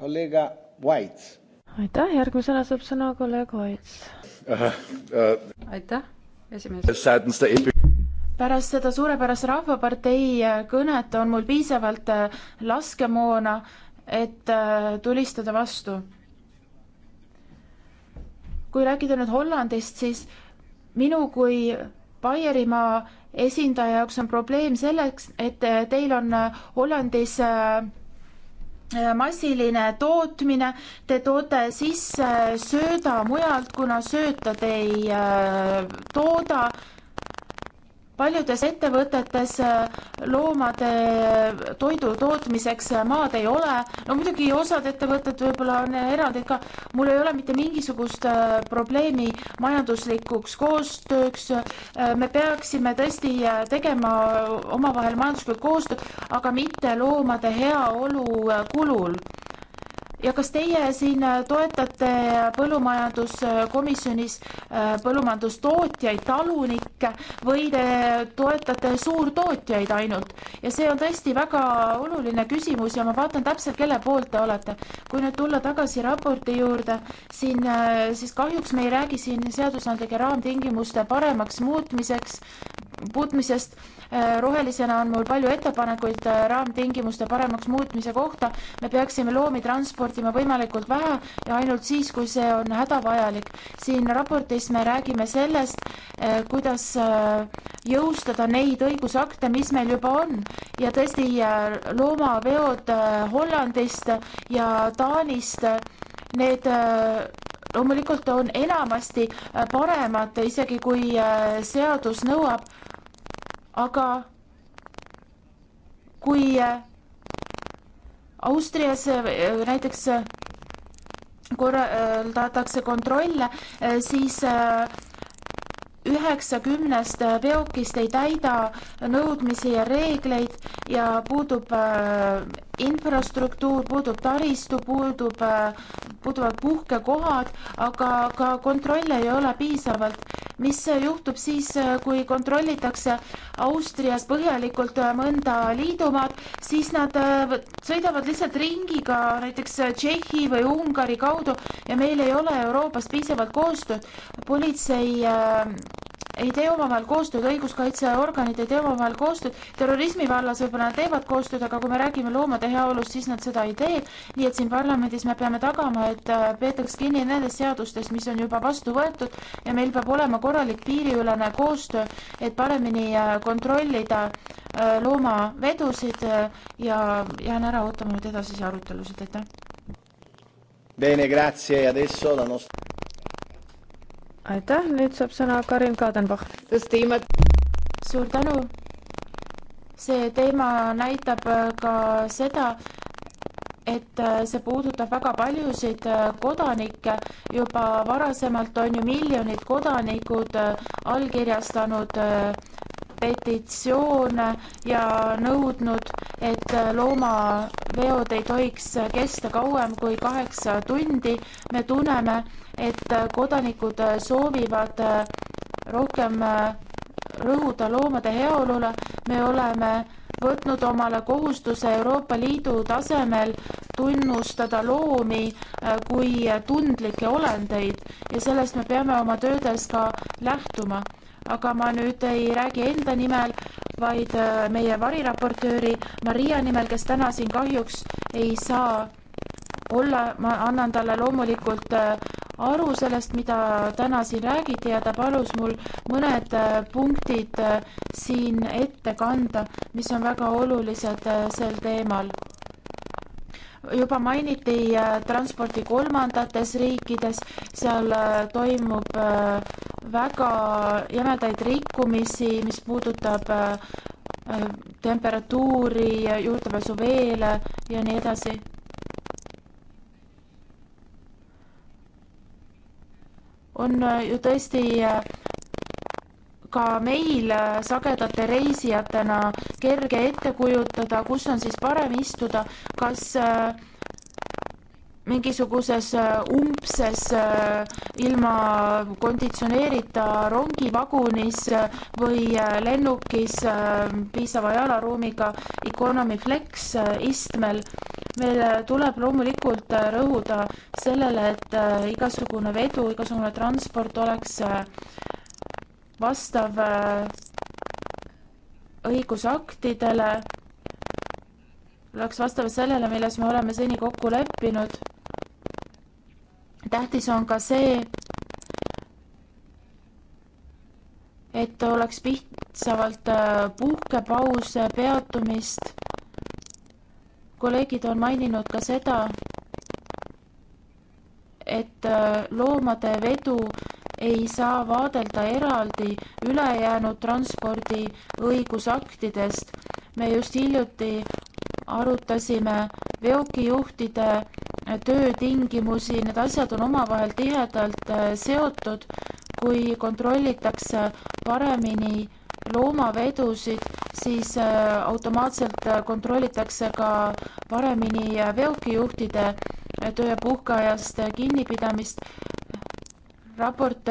kolleeg Vaits. aitäh, järgmisena saab sõna kolleeg Vaits uh,. Uh, aitäh, esimees. pärast seda suurepärast Rahvapartei kõnet on mul piisavalt laskemoona, et tulistada vastu. kui rääkida nüüd Hollandist, siis minu kui Baierimaa esindaja jaoks on probleem selleks, et teil on Hollandis äh, massiline tootmine, te toote sisse sööda mujalt, kuna sööta te ei äh, tooda paljudes ettevõtetes äh, loomade äh, toidu tootmiseks äh, maad ei ole, no muidugi osad ettevõtted võib-olla on erandid ka, mul ei ole mitte mingisugust probleemi majanduslikuks koostööks, me peaksime tõesti tegema omavahel majanduslikku koostööd, aga mitte loomade heaolu kulul ja kas teie siin äh, toetate põllumajanduskomisjonis äh, põllumajandustootjaid, talunikke või te toetate suurtootjaid ainult? ja see on tõesti väga oluline küsimus ja ma vaatan täpselt, kelle poolt te olete. kui nüüd tulla tagasi raporti juurde, siin äh, siis kahjuks me ei räägi siin seadusandlike raamtingimuste paremaks muutmiseks, muutmisest Äh, rohelisena on mul palju ettepanekuid äh, raamtingimuste paremaks muutmise kohta. me peaksime loomi transportima võimalikult vähe ja ainult siis, kui see on hädavajalik. siin raportis me räägime sellest, äh, kuidas jõustada neid õigusakte, mis meil juba on ja tõesti loomaveod Hollandist ja Taanist, need loomulikult on enamasti paremad, isegi kui seadus nõuab aga kui äh, Austrias äh, näiteks äh, korraldatakse kontrolle, siis üheksakümnest veokist ei täida nõudmisi ja reegleid ja puudub infrastruktuur, puudub taristu, puudub, puuduvad puhkekohad, aga ka kontrolle ei ole piisavalt mis äh, juhtub siis, äh, kui kontrollitakse Austrias põhjalikult äh, mõnda liidumaad, siis nad sõidavad lihtsalt ringiga näiteks Tšehhi või Ungari kaudu ja meil ei ole Euroopas piisavalt koostööd. politsei ei tee omavahel koostööd, õiguskaitseorganid ei tee omavahel koostööd, terrorismi vallas võib-olla nad teevad koostööd, aga kui me räägime loomade heaolust, siis nad seda ei tee. nii et siin parlamendis me peame tagama, et äh, peetaks kinni nendest seadustest, mis on juba vastu võetud ja meil peab olema korralik piiriülene koostöö, et paremini äh, kontrollida äh, loomavedusid ja jään ära ootama nüüd edasisi arutelusid, aitäh. Bene, grazie, adesso la nostra aitäh, nüüd saab sõna Karin Kadenbach. suur tänu. see teema näitab äh, ka seda, et äh, see puudutab väga paljusid äh, kodanikke. juba varasemalt on ju miljonid kodanikud allkirjastanud äh, petitsioone ja nõudnud, et loomaveod ei tohiks kesta kauem kui kaheksa tundi. me tunneme, et kodanikud soovivad rohkem rõhuda loomade heaolule. me oleme võtnud omale kohustuse Euroopa Liidu tasemel tunnustada loomi kui tundlikke olendeid ja sellest me peame oma töödes ka lähtuma aga ma nüüd ei räägi enda nimel, vaid äh, meie variraportööri Maria nimel, kes täna siin kahjuks ei saa olla, ma annan talle loomulikult äh, aru sellest, mida täna siin räägiti ja ta palus mul mõned äh, punktid siin ette kanda, mis on väga olulised sel teemal. juba mainiti transporti kolmandates riikides, seal toimub äh, väga jämedaid rikkumisi, mis puudutab äh, temperatuuri, juurdepääsu veele ja nii edasi. on äh, ju tõesti äh, ka meil sagedate reisijatena kerge ette kujutada, kus on siis parem istuda, kas äh, mingisuguses äh, umbses äh, ilma konditsioneerita rongivagunis äh, või lennukis piisava jalaruumiga Economy Flex istmel. meil tuleb loomulikult rõhuda sellele, et igasugune vedu, igasugune transport oleks vastav õigusaktidele, oleks vastav sellele, milles me oleme seni kokku leppinud tähtis on ka see, et oleks piisavalt äh, puhkepause, peatumist. kolleegid on maininud ka seda, et äh, loomade vedu ei saa vaadelda eraldi ülejäänud transpordi õigusaktidest. me just hiljuti arutasime veokijuhtide töötingimusi, need asjad on omavahel tihedalt äh, seotud. kui kontrollitakse paremini loomavedusid, siis äh, automaatselt äh, kontrollitakse ka paremini veokijuhtide töö- ja puhkeajast kinnipidamist. raport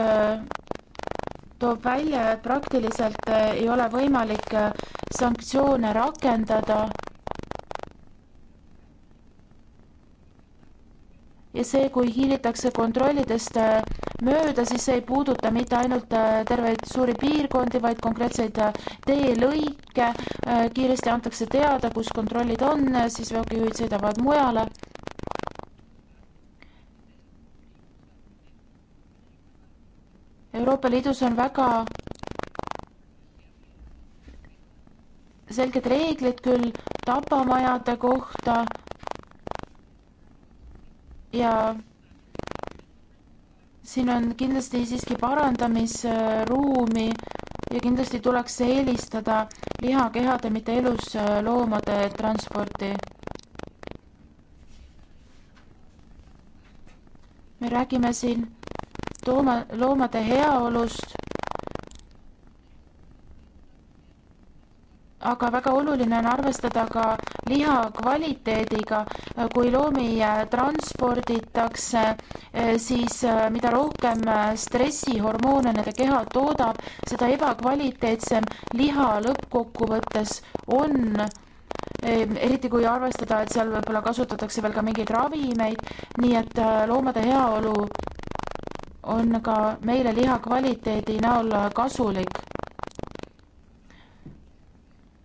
toob välja, et praktiliselt ei ole võimalik sanktsioone rakendada ja see, kui hiilitakse kontrollidest äh, mööda, siis see ei puuduta mitte ainult äh, terveid suuri piirkondi, vaid konkreetseid äh, teelõike. kiiresti antakse teada, kus kontrollid on, siis veokijuhid sõidavad mujale. Euroopa Liidus on väga selged reeglid küll tapamajade kohta ja siin on kindlasti siiski parandamisruumi ja kindlasti tuleks eelistada lihakehade, mitte elusloomade transporti. me räägime siin looma, loomade heaolust aga väga oluline on arvestada ka liha kvaliteediga. kui loomi transporditakse, eh, siis eh, mida rohkem eh, stressihormoone nende keha toodab, seda ebakvaliteetsem liha lõppkokkuvõttes on ehm, eriti kui arvestada, et seal võib-olla kasutatakse veel ka mingeid ravimeid, nii et loomade heaolu on ka meile liha kvaliteedi näol kasulik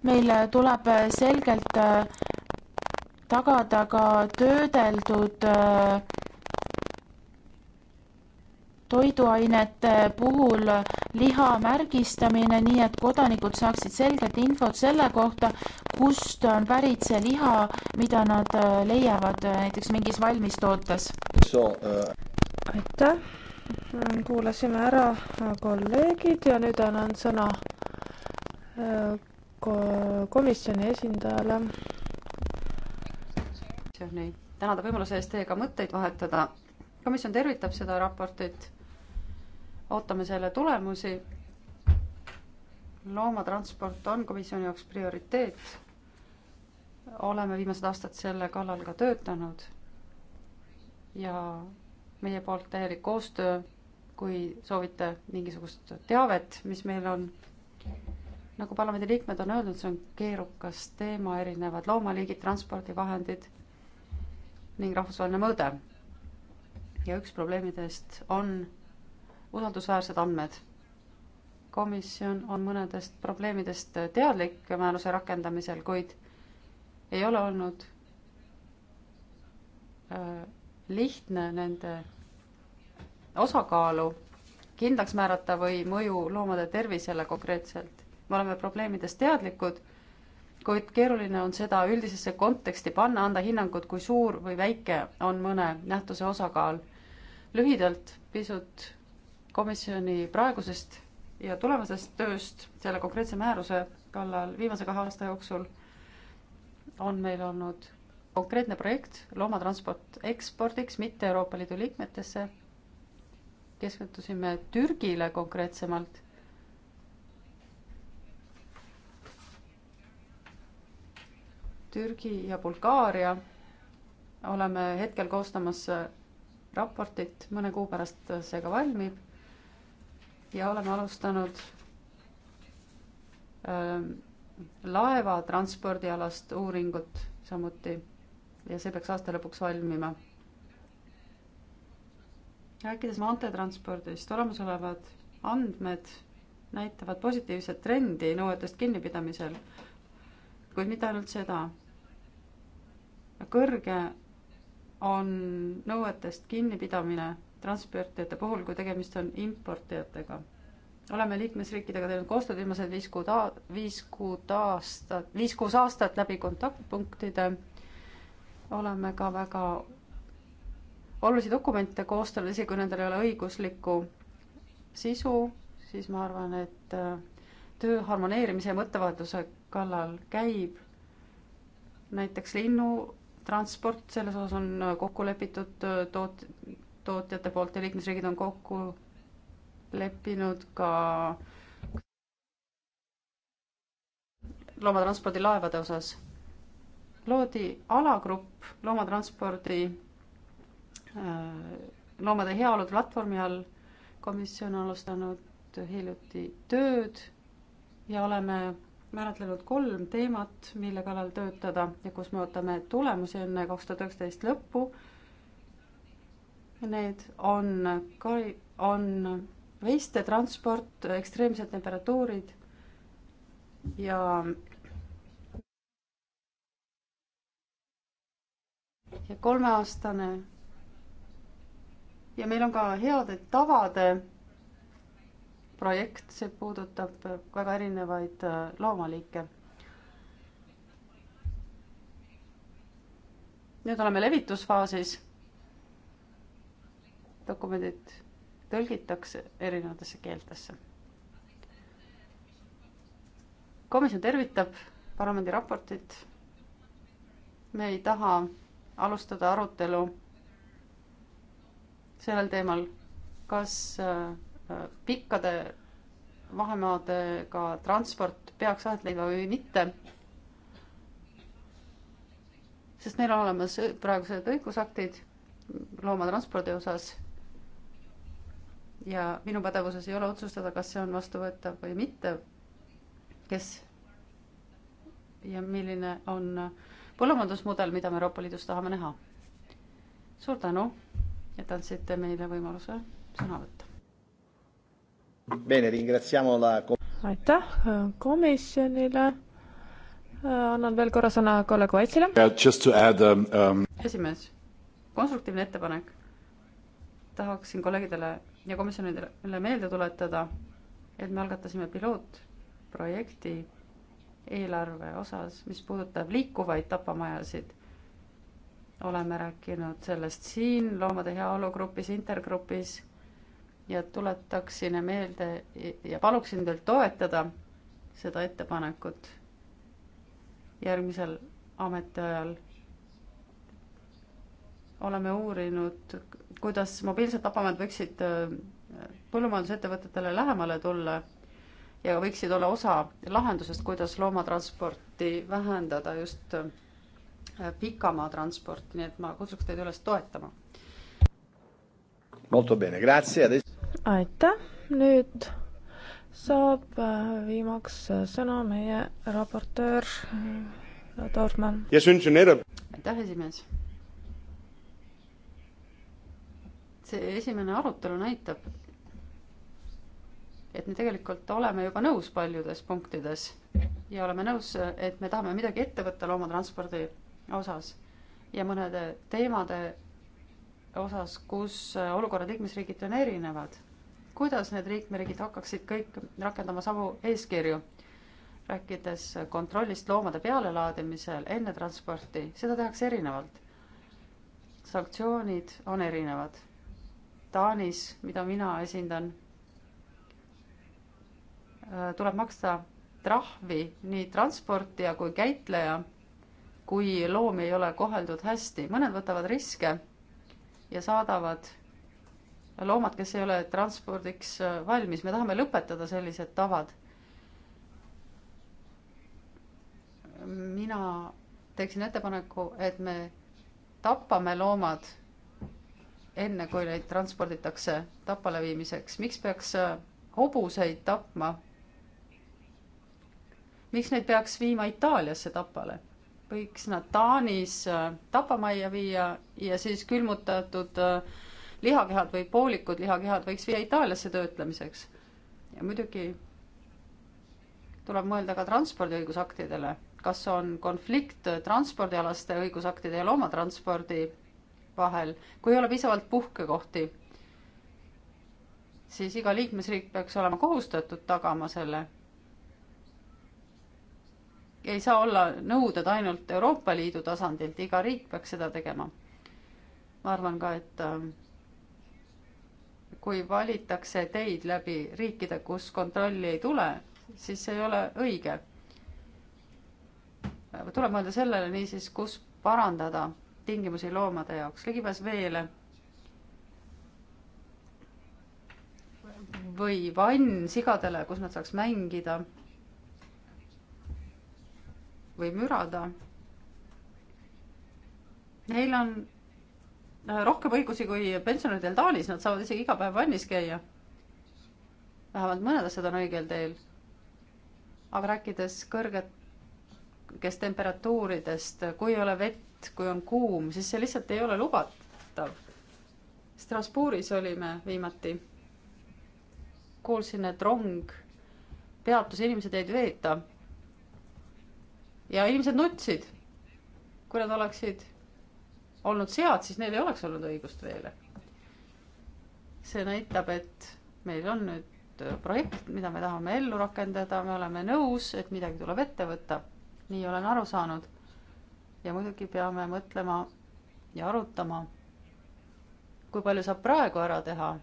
meil tuleb äh, selgelt äh, tagada ka töödeldud äh, toiduainete puhul liha märgistamine, nii et kodanikud saaksid selget infot selle kohta, kust on pärit see liha, mida nad leiavad näiteks mingis valmistootes. aitäh, kuulasime ära kolleegid ja nüüd annan sõna komisjoni esindajale. tänada võimaluse eest teiega mõtteid vahetada. komisjon tervitab seda raportit. ootame selle tulemusi. loomatransport on komisjoni jaoks prioriteet. oleme viimased aastad selle kallal ka töötanud. ja meie poolt täielik koostöö, kui soovite mingisugust teavet, mis meil on nagu parlamendiliikmed on öelnud, see on keerukas teema, erinevad loomaliigid, transpordivahendid ning rahvusvaheline mõõde. ja üks probleemidest on usaldusväärsed andmed. komisjon on mõnedest probleemidest teadlik määruse rakendamisel, kuid ei ole olnud äh, lihtne nende osakaalu kindlaks määrata või mõju loomade tervisele konkreetselt me oleme probleemidest teadlikud, kuid keeruline on seda üldisesse konteksti panna, anda hinnangut, kui suur või väike on mõne nähtuse osakaal. lühidalt pisut komisjoni praegusest ja tulevasest tööst selle konkreetse määruse kallal viimase kahe aasta jooksul on meil olnud konkreetne projekt loomatransport ekspordiks, mitte Euroopa Liidu liikmetesse. keskendusime Türgile konkreetsemalt Türgi ja Bulgaaria. oleme hetkel koostamas raportit, mõne kuu pärast see ka valmib. ja oleme alustanud ähm, laevatranspordialast uuringut samuti ja see peaks aasta lõpuks valmima. rääkides maanteetranspordist, olemasolevad andmed näitavad positiivset trendi nõuetest kinnipidamisel, kuid mitte ainult seda kõrge on nõuetest kinnipidamine transportijate puhul, kui tegemist on importijatega. oleme liikmesriikidega teinud koostööd viimased viis kuud, viis kuud aastat, viis kuus aastat läbi kontaktpunktide. oleme ka väga olulisi dokumente koostanud, isegi kui nendel ei ole õiguslikku sisu, siis ma arvan, et äh, töö harmoneerimise ja mõttevahetuse kallal käib näiteks linnu transport, selles osas on äh, kokku lepitud äh, toot-, tootjate poolt ja liikmesriigid on kokku leppinud ka loomatranspordilaevade osas. loodi alagrupp loomatranspordi, äh, loomade heaolu platvormi all. komisjon on alustanud hiljuti tööd ja oleme määratlenud kolm teemat, mille kallal töötada ja kus me ootame tulemusi enne kaks tuhat üheksateist lõppu. Need on, on veiste transport, ekstreemsed temperatuurid ja ja kolmeaastane ja meil on ka heade tavade projekt, see puudutab väga erinevaid äh, loomaliike. nüüd oleme levitusfaasis. dokumendid tõlgitakse erinevatesse keeltesse. komisjon tervitab parlamendi raportit. me ei taha alustada arutelu sellel teemal, kas äh, pikkade vahemaadega transport peaks aset leidma või mitte. sest meil on olemas praegused õigusaktid loomatranspordi osas. ja minu pädevuses ei ole otsustada, kas see on vastuvõetav või mitte. kes ja milline on põllumajandusmudel, mida me Euroopa Liidus tahame näha. suur tänu, et andsite meile võimaluse sõna võtta aitäh äh, komisjonile. Äh, annan veel korra sõna kolleeg Vaitsile yeah,. Um, um... esimees, konstruktiivne ettepanek. tahaksin kolleegidele ja komisjonidele meelde tuletada, et me algatasime pilootprojekti eelarve osas, mis puudutab liikuvaid tapamajasid. oleme rääkinud sellest siin loomade heaolu grupis, intergrupis ja tuletaksin meelde ja paluksin teil toetada seda ettepanekut järgmisel ametiajal. oleme uurinud, kuidas mobiilsed tapamed võiksid äh, põllumajandusettevõtetele lähemale tulla ja võiksid olla osa lahendusest, kuidas loomatransporti vähendada just äh, pikamaa transporti, nii et ma kutsuks teid üles toetama. Molto bene, grazie aitäh, nüüd saab äh, viimaks äh, sõna meie raportöör Tormann. Äh, aitäh, esimees. see esimene arutelu näitab, et me tegelikult oleme juba nõus paljudes punktides ja oleme nõus, et me tahame midagi ette võtta loomatranspordi osas ja mõnede teemade osas, kus olukorrad liikmesriigiti on erinevad kuidas need liikmeriigid hakkaksid kõik rakendama samu eeskirju? rääkides kontrollist loomade pealelaadimisel enne transporti, seda tehakse erinevalt. sanktsioonid on erinevad. Taanis, mida mina esindan, äh, tuleb maksta trahvi nii transportija kui käitleja, kui loomi ei ole koheldud hästi. mõned võtavad riske ja saadavad loomad, kes ei ole transpordiks äh, valmis, me tahame lõpetada sellised tavad. mina teeksin ettepaneku, et me tapame loomad enne, kui neid transporditakse tapale viimiseks. miks peaks äh, hobuseid tapma? miks neid peaks viima Itaaliasse tapale? võiks nad Taanis äh, tapamajja viia ja siis külmutatud äh, lihakehad või poolikud lihakehad võiks viia Itaaliasse töötlemiseks. ja muidugi tuleb mõelda ka transpordiõigusaktidele, kas on konflikt transpordialaste õigusaktide ja loomatranspordi vahel, kui ei ole piisavalt puhkekohti, siis iga liikmesriik peaks olema kohustatud tagama selle. ei saa olla nõuded ainult Euroopa Liidu tasandilt, iga riik peaks seda tegema. ma arvan ka, et kui valitakse teid läbi riikide, kus kontrolli ei tule, siis see ei ole õige. tuleb mõelda sellele niisiis, kus parandada tingimusi loomade jaoks, ligipääs veele või vann sigadele, kus nad saaks mängida või mürada. Neil on Äh, rohkem õigusi kui pensionäridel Taanis, nad saavad isegi iga päev vannis käia. vähemalt mõned asjad on õigel teel. aga rääkides kõrgetest temperatuuridest, kui ei ole vett, kui on kuum, siis see lihtsalt ei ole lubatav. Strasbourgis olime viimati. kuulsin, et rong peatus, inimesed jäid veeta. ja inimesed nutsid, kui nad oleksid olnud sead, siis neil ei oleks olnud õigust veele. see näitab, et meil on nüüd projekt, mida me tahame ellu rakendada, me oleme nõus, et midagi tuleb ette võtta. nii olen aru saanud. ja muidugi peame mõtlema ja arutama, kui palju saab praegu ära teha.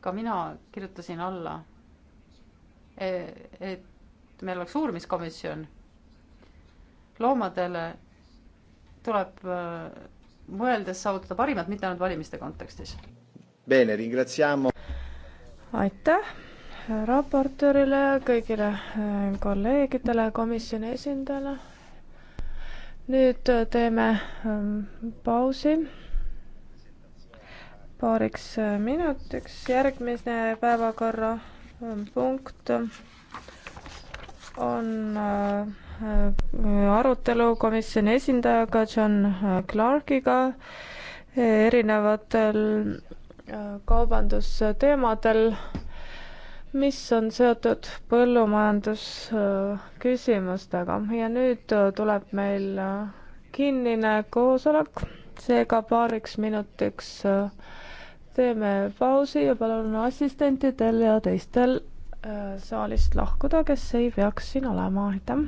ka mina kirjutasin alla, e, et meil oleks uurimiskomisjon loomadele tuleb äh, mõeldes saavutada parimat, mitte ainult valimiste kontekstis. aitäh raportöörile, kõigile äh, kolleegidele, komisjoni esindajale. nüüd äh, teeme ähm, pausi paariks minutiks. järgmine päevakorrapunkt on äh, Äh, arutelu komisjoni esindajaga John äh, Clarkiga äh, erinevatel kaubandusteemadel, mis on seotud põllumajandusküsimustega ja nüüd tuleb meil kinnine koosolek, seega paariks minutiks teeme pausi ja palun assistentidel ja teistel saalist lahkuda, kes ei peaks siin olema, aitäh!